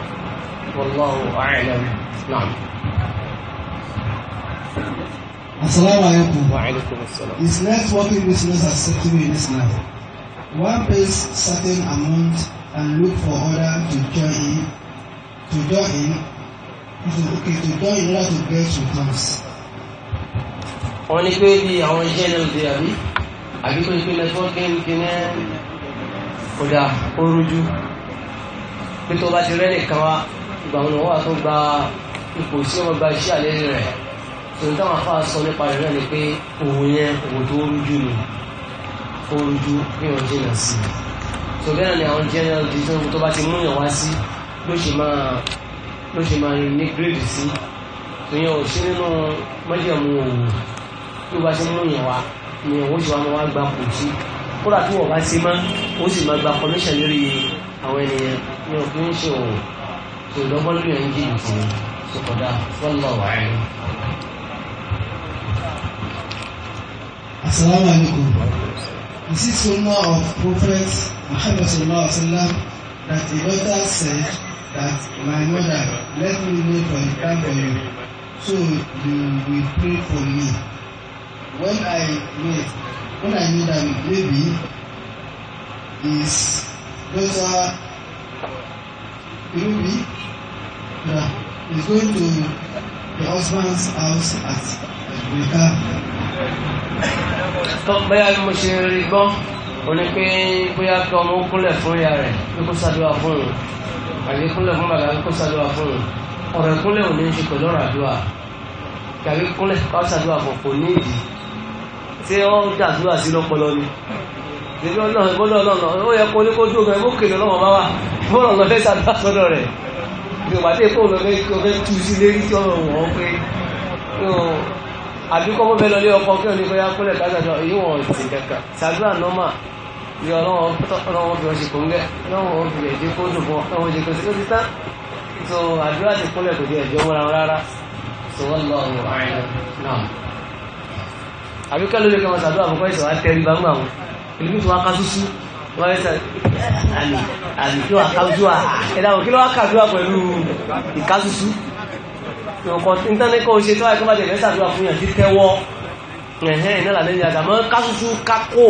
wallahu a'lam náà. Assalamu alaikum. Is networking business acceptable in Islam? One pays certain amount and look for order to join in, to join in, to, okay, to join in order to get returns. Wọ́n ní pé bí àwọn iṣẹ́ náà ṣe àbí àbí kò ní pé networking kìíní kódà ó rújú pé tó bá ti rẹ́ nìkan wá ìgbà wọn wà tó gba ipò tí wọn gba iṣẹ́ àlẹ́ rẹ̀ tòun táwọn afá sọ nípa rẹ̀ náà ni pé òun yẹn òun tó rújú ni ó rújú bí wọn jìnnà sí tó bẹ́ẹ̀ ni àwọn general division tó bá ti mú yàn wá sí ló ṣe máa ló ṣe máa ní grade sí ìyẹn ò sí nínú mọ́jẹ̀mú òwò tó bá ti mú wá ni òun ṣe wá máa wá gba kùtì kódà tó wọ̀ bá sí mọ́ ó sì máa gba commission lórí àwọn ènìyàn ní òfin ṣe òun kò lọ́gbọ́n ẹ̀ ń jìyà fún kò kọ̀dá wọ́n wà ẹ̀. Assalamu alaikum. Is it sunnah of Prophet Muhammad sallallahu alaihi wasallam that the daughter said that my mother let me know for the time for you so you will pray for me when I wait when I need am maybe is Because Ruby uh, is going to the husband's house at Mecca. Tó bẹ́ẹ̀ ni mo ṣe rí gbọ́, ó ní pé bóyá kí ọmọ ó kúnlẹ̀ fún ìyá rẹ̀ pé kó ṣàdúrà fún un, àbí kúnlẹ̀ fún bàbá pé kó ṣàdúrà fún un. Ọ̀rọ̀ ìkúnlẹ̀ ò ní ṣe pẹ̀lú ọ̀rọ̀ àdúrà. Kàbí kúnlẹ̀ ká ṣàdúrà fún kò ní ìdí. Ṣé ó dàdúrà sí lọ́pọlọ ni? ìlú náà gbọ́dọ̀ lọ́nà ó yẹ kó ní kó dúró gan-an mọ́kè lọ́wọ́ bá wà bọ́ọ̀lù lọ fẹ́ sàdúrà sọ́dọ̀ rẹ̀ bí o bá dé kó lọ fẹ́ kó fẹ́ tu sí lérí tí ọ̀rọ̀ wọ̀n pé àbí kọ́ bọ́bẹ̀ lọlé ọkọ̀ kí òní bóyá kúlẹ̀ kájàjọ èyí wọ̀n sì kankan sàdúrà nọ́mà bí ọlọ́wọ́n fi ọṣẹ kò ń gẹ́ ọlọ́wọ́n fi ẹ̀jẹ̀ kó dùn fún ọlọ́wọ́n jẹ́ kó sí lóṣìṣẹ́ tán so àdúrà ti kúlẹ̀ kò di ẹ̀jẹ̀ wọ́n rárá so wọ́n lọ ọ̀rọ̀ àyìn náà àbí kálórí kan sàdúrà fún kọ́ ìṣòwò àtẹ́rí bá ń gbà wọn ìlú tó wá ká súsú wọ́n yẹ àmì àmì kí wà ká ojú à ẹ̀dá òkè lọ́wọ́ ká dúwà pẹ̀lú ìká súsú nǹkan ìntánẹ́kọ̀ ṣe tó wà kí bá jẹ̀ lẹ́sà dúwà fún yàn sí tẹ́wọ́ ẹ̀hẹ́ iná làlẹ́ ní àdàmọ́ ká súsú kákó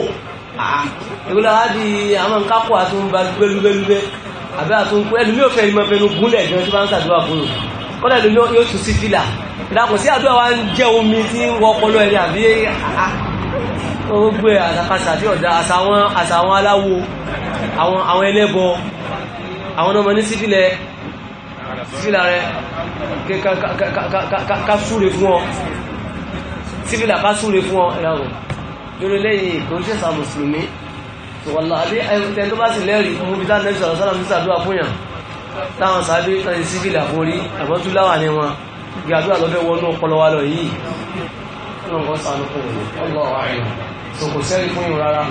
ìgbélé wa di àwọn kákó àtúnba gbélúgbélúgbé àbẹ́ àtúnkú ẹlùmí ò fẹ́ ìmọ̀ fẹ́nu gúnlẹ̀ gan tí bá ń sàdúrà fún un kọ́lá ìlú yóò tún sí fìlà ìdàkùn sí àdúrà wa ń jẹ́ omi tí ń wọ ọpọlọ ẹni àbí gbogbo àṣàkáṣà tí ọ̀dá àṣàwọn aláwo àwọn ẹlẹ́bọ àwọn ọmọ ní sífìlẹ̀ sífìlà rẹ kásúre fún ọ sífìlà kásúre fún ọ ẹ̀rọ lórí lẹ́yìn ìkòríṣẹ́sà mùsùlùmí wọ̀lá àbí ẹ̀rùtẹ́ tó bá sì lẹ́rìí fún bí táwọn ẹ̀sọ̀ sọ́lá ń sàdúrà fún yàn táwọn sàbí tàbí sífìlà fún rí àbọ́tú láwà ní wọn gbàdúrà lọ́fẹ́ wọnú ọpọlọ wa lọ yìí ọlọ́run kan sànú fún òun ọlọ́run tó kò sẹ́rí fún yìí rárá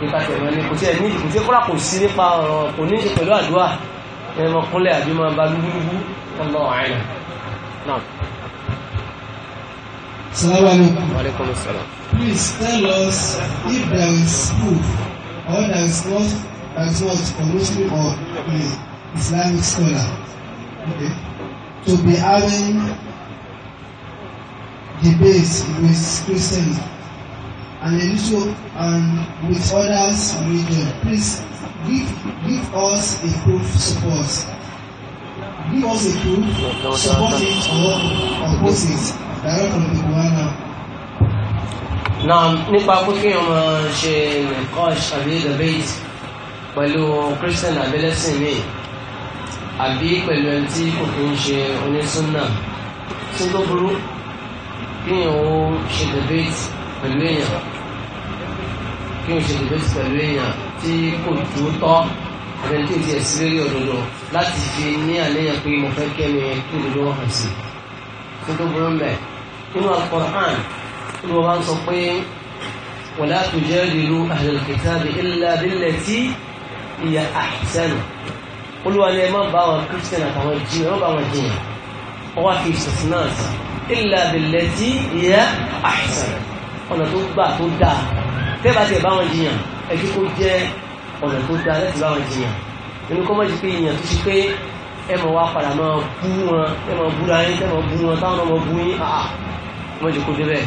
nípa tẹ̀mọ́ ni kò sí ẹ̀ ní kò sí kúrà kò sí nípa ọ̀rọ̀ kò ní í ṣe pẹ̀lú àdúrà ẹ̀rọ Please tell us if there is food or there is not, there is what for Muslim or Islamic scholar okay, to be having debates with Christians and religious um, and with others religion. Please give give us a proof support. Give us a proof support it or oppose it direct from the Quran now. Naam nípa pé kí ọmọ ṣe nìkọ́ṣ àbí debate pẹ̀lú Christian abẹ́lẹ́sìn mi àbí pẹ̀lú ẹni tí kò kí ń ṣe onísúnnà tí tó burú kí ìyẹn ó ṣe debate pẹ̀lú èèyàn kí o ṣe lòdì pẹ̀lú èèyàn tí kò tó tọ́ ẹni tí o ti ẹ̀sìn lórí òdodo láti fi ní àníyàn pé mo fẹ́ kí ẹni kí òdodo wọn hàn sí tó tó burú mẹ́ nínú Al-Qur'an tí mo bá ń sọ pé wala tujadilu ahlal kitabi illa billati hiya ahsan olúwa ni ẹ má bá àwọn kírísítẹ̀nì àtàwọn jìnnà ẹ bá àwọn jìnnà ọwọ́ àti ìṣẹ̀sìn náà sí illa billati hiya ahsan ọ̀nà tó gbà tó dáa tẹ́bà tẹ́ bá wọn jiyàn ẹjú kó jẹ́ ọ̀nà tó dá láti bá wọn jiyàn nínú kọ́mọ́ ti pé ìyàn tó ṣe pé ẹ mọ̀ wá padà máa bú wọn ẹ búra yín tẹ́ bú wọn táwọn ọmọ bú yín àà wọ́n jù kó débẹ̀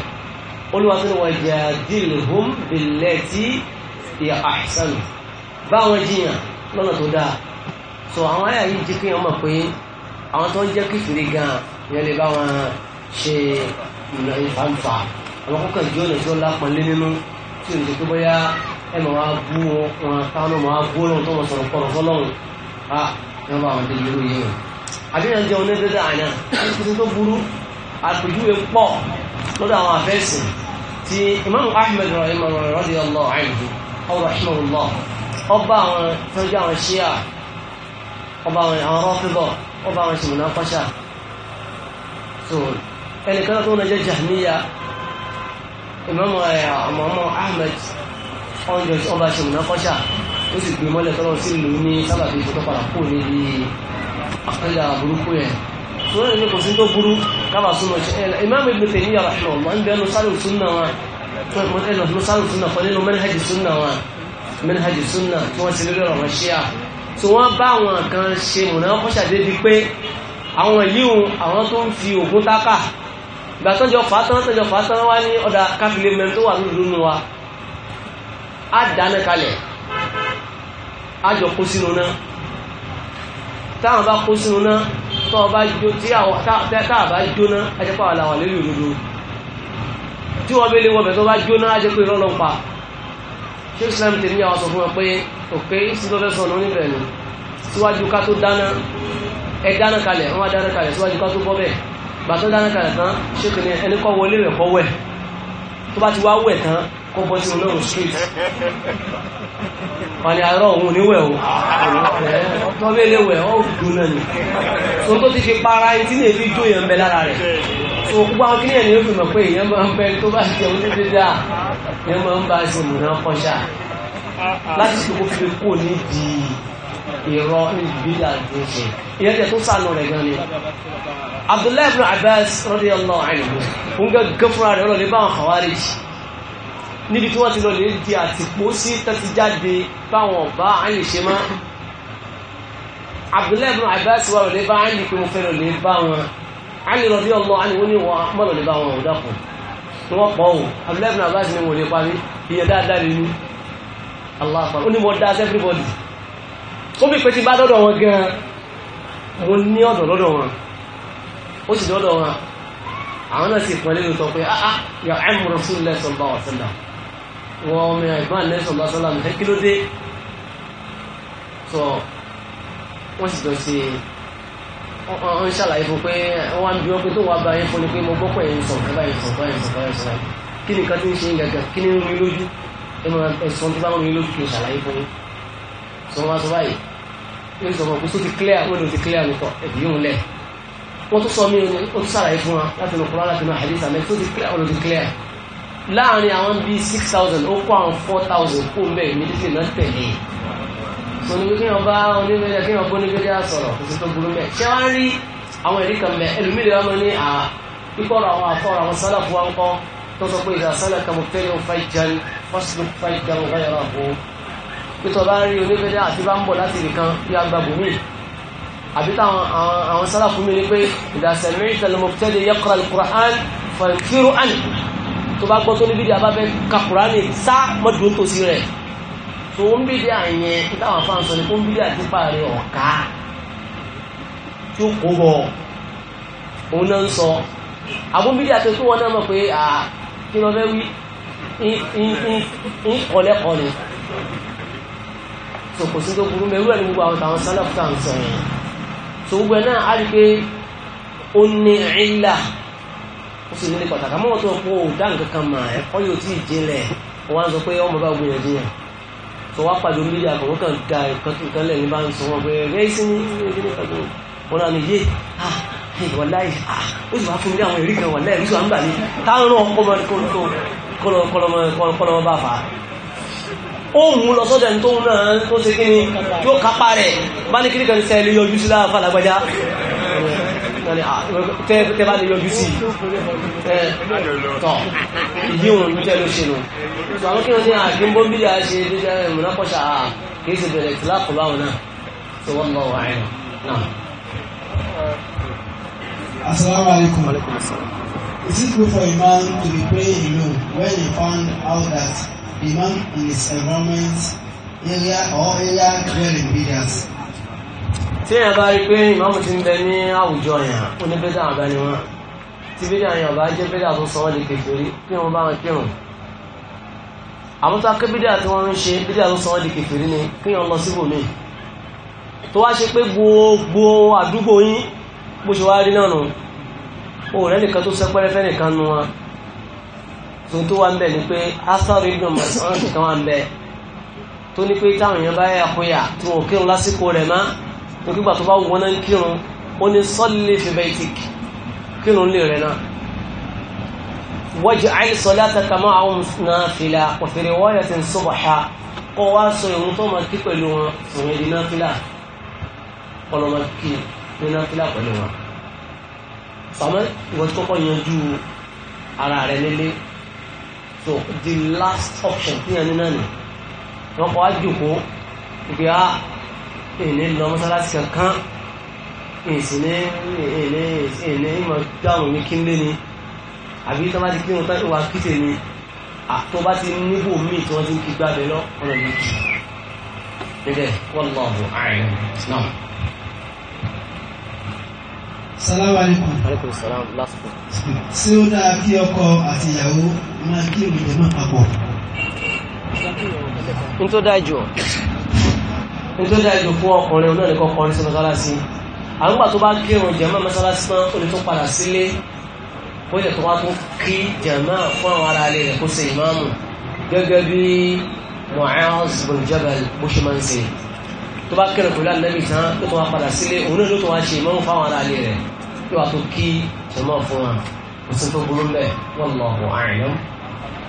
olúwa tó ní wọ́n jẹ́ dilhum billati ya ahsan bá wọn jiyàn lọ́nà tó dáa so àwọn àyà yìí jẹ́ kí wọ́n mọ̀ pé àwọn tó ń jẹ́ kìfìrí gan-an ìyẹn lè bá wọn ṣe ìfàǹfà àwọn kọ́kọ́ ìjọ́ ọ̀nà tí lápọn lé nínú tí o lè tó bóyá ẹ máa wá bú wọn táwọn máa bú ọlọ́run tó wọn sọ̀rọ̀ kọ̀rọ̀ fọlọ́run a wọn bá wọn dé irú yìí wọn. àbíyàn jẹ́ oní dédé àná títí tó burú àpèjúwe pọ̀ lọ́dọ̀ àwọn àfẹ́sìn ti Imam Ahmed radiyallahu anhu aw rahimahullah ọba àwọn tó jẹ́ àwọn ṣíà ọba àwọn àwọn rọ́fíbọ̀ ọba àwọn ṣìmùnà pàṣà so ẹnìkan tó ń jẹ́ jahmiya ìmọ̀mọ̀ àmọ́mọ́ eh, ahmed ọ̀njọ́ ọba ṣèmùnà kọ́ṣà ó sì gbé mọ́lẹ̀ tọ́lọ́ sí ìlú ní sábàbí ìfọ́tọ́ padà kú níbi àkọ́jà burúkú yẹn wọ́n rẹ̀ ní kò sí tó burú kábà súnmọ́ ṣe ẹ̀lá eh, ìmáàmù Ibn Taymiyyah rahimah ọmọ ń bẹ́ẹ̀ lọ́sàrù súnà wọn lọ́sàrù súnà kan nínú manhaj súnà wọn manhaj súnà tí wọ́n ti lórí ọ̀rọ̀ wọn ṣíà tí wọ́n bá àwọn kan ṣe mùnà kọ́ṣà débi pé àwọn yíhun àwọn ìgbà tó jọ fà tán tó jọ fà tán wá ní ọ̀dà káfílẹ̀ mẹ́rin tó wà lóòrùn nínú wa á dáná kalẹ̀ á jọ kó sínú náà táwọn bá kó sínú náà tó ọba jó tí táàbá jóná á jẹ́ pàwọn òdodo tí wọ́n bẹ́ẹ̀ lé wọ́n bẹ̀ bá jóná á jẹ́ pa ṣé Islam tèmi àwọn sọ fún wọn pé òkè sílọ́fẹ́ sọ̀nù níbẹ̀ ni síwájú ká tó dáná ẹ dáná kalẹ̀ wọ́n á dáná kalẹ̀ síwájú ká tó bọ́ bẹ́ẹ̀ bàtọ́ dáná kalẹ̀ tán ṣéèkì ní ẹni kọ́ wọlé rẹ̀ kọ́ wẹ̀ tó bá ti wá wẹ̀ tán kó bọ́ sí olóòrùn street wà ní àárọ̀ òun níwẹ̀ o ọ̀tọ́ bí ilé para ẹni tí lè fi jó èèyàn bẹ lára rẹ̀ tó gbogbo àwọn kílíẹ̀ ní ó fi mọ̀ pé èèyàn máa ń bẹ tó bá jẹun ní dídá èèyàn máa ń bá ṣe mùnà kọjá láti ṣe kó fi kó nídìí ìrọ nídìí àdúgbò ìyẹn tẹ tó sànù rẹ̀ gan ni abdullahi ibn abbas radiyallahu anhu ń gẹ́ gẹ́fúra rẹ̀ lọ lè bá àwọn khawarij níbi tí wọ́n ti lọ lè di àtìpó sí tẹ́tí jáde báwọn ọba àyè ṣe mọ́ abdullahi ibn abbas wà lọ lè bá àyè pé mo fẹ́ lọ lè bá wọn àyè radiyallahu anhu ní wọn mọ́ lọ lè bá wọn ọ̀dà kù ni wọ́n pọ̀ ọ́ abdullahi ibn abbas ni mo parí ìyẹn dáadáa lè ní allah ó ní mo dá everybody ó bí pé bá lọ́dọ̀ wọn gan mo ní ọ̀dọ̀ lọ́dọ̀ wọn ó sì dọ́dọ̀ wọn àwọn náà sì pọ̀ lẹ́nu sọ pé áá yà ẹ̀ mú rasul lẹ́sọ̀ bá wà sọ́dà wọn ọmọ ìgbà lẹ́sọ̀ bá sọ́dà mi kí ló dé sọ wọ́n sì dọ̀ sí wọ́n ṣàlàyé fún pé wọ́n á bí wọ́n pé tó wà báyìí fún ni pé mo gbọ́ pé ẹ̀yin sọ̀rọ̀ báyìí sọ̀rọ̀ báyìí sọ̀rọ̀ báyìí sọ̀rọ̀ kí ni nǹkan tí ń ṣe ń gàgà kí ni ń rí lójú ẹ máa bá ń rí lójú kì í ṣàlàyé fún yín sọ wọn wá sọ báyìí yóò sọ fún ọ pé tó ti clear wọ́n ti clear mi kọ ẹ̀bí yóò lẹ̀ wọ́n tún sọ ní o tún sàlàyé fún wa láti nù kúrọ́ láti nù àdìsá mẹ́tò ti clear ọ̀nà ti clear láàrin àwọn bíi six thousand ó kó àwọn four thousand kó mbẹ́ mílíọ̀nù náà tẹ̀lé sọ̀nù pé kí wọ́n bá oníbẹ̀rẹ̀ kí wọ́n bó oníbẹ̀rẹ̀ sọ̀rọ̀ kò sí tó burú mẹ́ ṣé wọ́n rí àwọn ẹ̀rí kan mẹ́ ẹlòmílẹ̀ wọn ní à kíkọ́rọ̀ àwọn afọ́rọ̀ àwọn sálàfù wa ń kọ́ tó sọ pé ìdá sálàkà mo fẹ́ yóò fáì jan fásitì fáì jan ọ̀gá yàrá àbò pé tó bá rí oníbẹ̀rẹ̀ àti bá ń bọ̀ láti nìkan bí agbábùnmí àbí táwọn àwọn sálàfù mi ni pé ìdásẹ̀mí ìtẹ̀lẹ̀mọ̀tẹ́lẹ̀ yẹ́kọ̀ọ́ alukur'an fàǹkìrù àní tó bá gbọ́ tó níbi díà bá fẹ́ ka kur'ani sá mọ́dún tó sí rẹ̀ tó ń bí díà yẹn táwọn afáàn sọ ni kó ń bí díà dípa rẹ̀ ọ̀ká tí ó kó bọ̀ òun náà ń sọ àbúbí díà tó wọn náà mọ̀ pé kí ló fẹ́ wí ń kọ́lẹ́kọ́ ni tòkòsí tó burú mẹ́rú ẹ̀ ní gbogbo àwọn táwọn sálàfù táwọn sọ yẹn so gbogbo ẹ̀ náà á rí pé ó ní ìlà ó sì nílé pàtàkì àmọ́ tó kó dá nǹkan kan mà ẹ̀kọ́ yóò tí ì jinlẹ̀ wọ́n á sọ pé ọmọ bá gbìyànjú jiyàn tó wá pàdé onídìí àkọ́kọ́ kan da nǹkan lẹ̀ ní bá ń sọ wọn pé ẹgbẹ́ sí ní ẹgbẹ́ pàtó wọn náà nìyé ah wọ́n láì ah ó sì wá fún mi àwọn èrí kan wọ́n láì ó sì wá ń gbà òun lọ sọ́dọ̀ tó ń náà tó ṣe kí ni yóò kápá rẹ̀ bá ní kíríkà ní sẹ́ yọjú sí láàfà lágbájá ah, tẹ́ bá lè yọjú sí tọ́ ìdí òun ní tẹ́lú ṣe nù àwọn kí wọ́n ní àgbémbó bídà ṣe bídà ìmúnápọ̀ṣà ah, kìí ṣe bẹ̀rẹ̀ tí láàpọ̀ báwọn náà tó wọ́n lọ wà ẹ̀ Is it good for a man to be praying alone when he found out that the man and his environment area or area dwelling leaders. tí èèyàn bá rí pé ìmáàmù ti ń bẹ ní àwùjọ yẹn ó ní bẹ́dà àbá ni wọ́n tí bẹ́dà yẹn ọ̀bá jẹ́ bẹ́dà tó sọ wọ́n di kékeré kí wọ́n bá wọn kírun àwọn tó aké bídíà tí wọ́n ń ṣe bídíà tó sanwó di kèfèrí ni kíyàn lọ síbò mí tó wá ṣe pé gbogbo àdúgbò yín bó ṣe wá rí náà nù o rẹ̀ nìkan tó sẹ́pẹ́rẹ́fẹ́ nìkan nu wọn tó tó wá ń bẹ̀ ni pé asọ́rọ̀ ibùdó mọ̀sán kan wá ń bẹ̀ tó ní pé táwọn èèyàn bá yà kóyà tí wọn ò kírun lásìkò rẹ̀ má nígbà tó bá wọn náà ń kírun ó ní sọ́ọ̀lì fi baitik kírun lè rẹ̀ náà waj'al salataka ma'ahum nafila wa fi riwayatin subha kọ́ wá sọ ìrun tó máa kí pẹ̀lú wọn òun èdè náfìlà kọ́lọ́ máa kí ní náfìlà pẹ̀lú wọn. sàmọ́ ìwọ́n ti kọ́kọ́ yanjú ara rẹ̀ lélẹ́ so the last option tí yẹn ní náà nì wọ́n kọ́ àjòkó ìgbé a èlé lọ mọ́sálásí kankan èsì ní èlé èlé ìmọ̀ dáhùn ní kí n lé ni àbí tó bá ti kí wọn tán ìwà kíte ni àtọ́ bá ti níbò míì tí wọ́n ti ń kí gbábẹ lọ ọ̀nà méjì níbẹ̀ wọ́n lọ bọ̀ àárín náà. salaam aleykum. salaam lásìkò. ṣé ó dáa kí ọkọ àti ìyàwó máa kí ènìyàn máa papọ̀. n tó dájú n tó dájú fún ọkùnrin náà ní kọ́kọ́ ní sí mọ́sálásí àgbà tó bá kírun jàmáà mọ́sálásí tán ó lè tó padà sílé ó lè tó wá tó kí jàmáà fún àwọn ará rẹ̀ kó ṣe ìmáàmù gẹ́gẹ́ bí Mu'az bin Jabal bó ṣe máa ń ṣe والله أعلم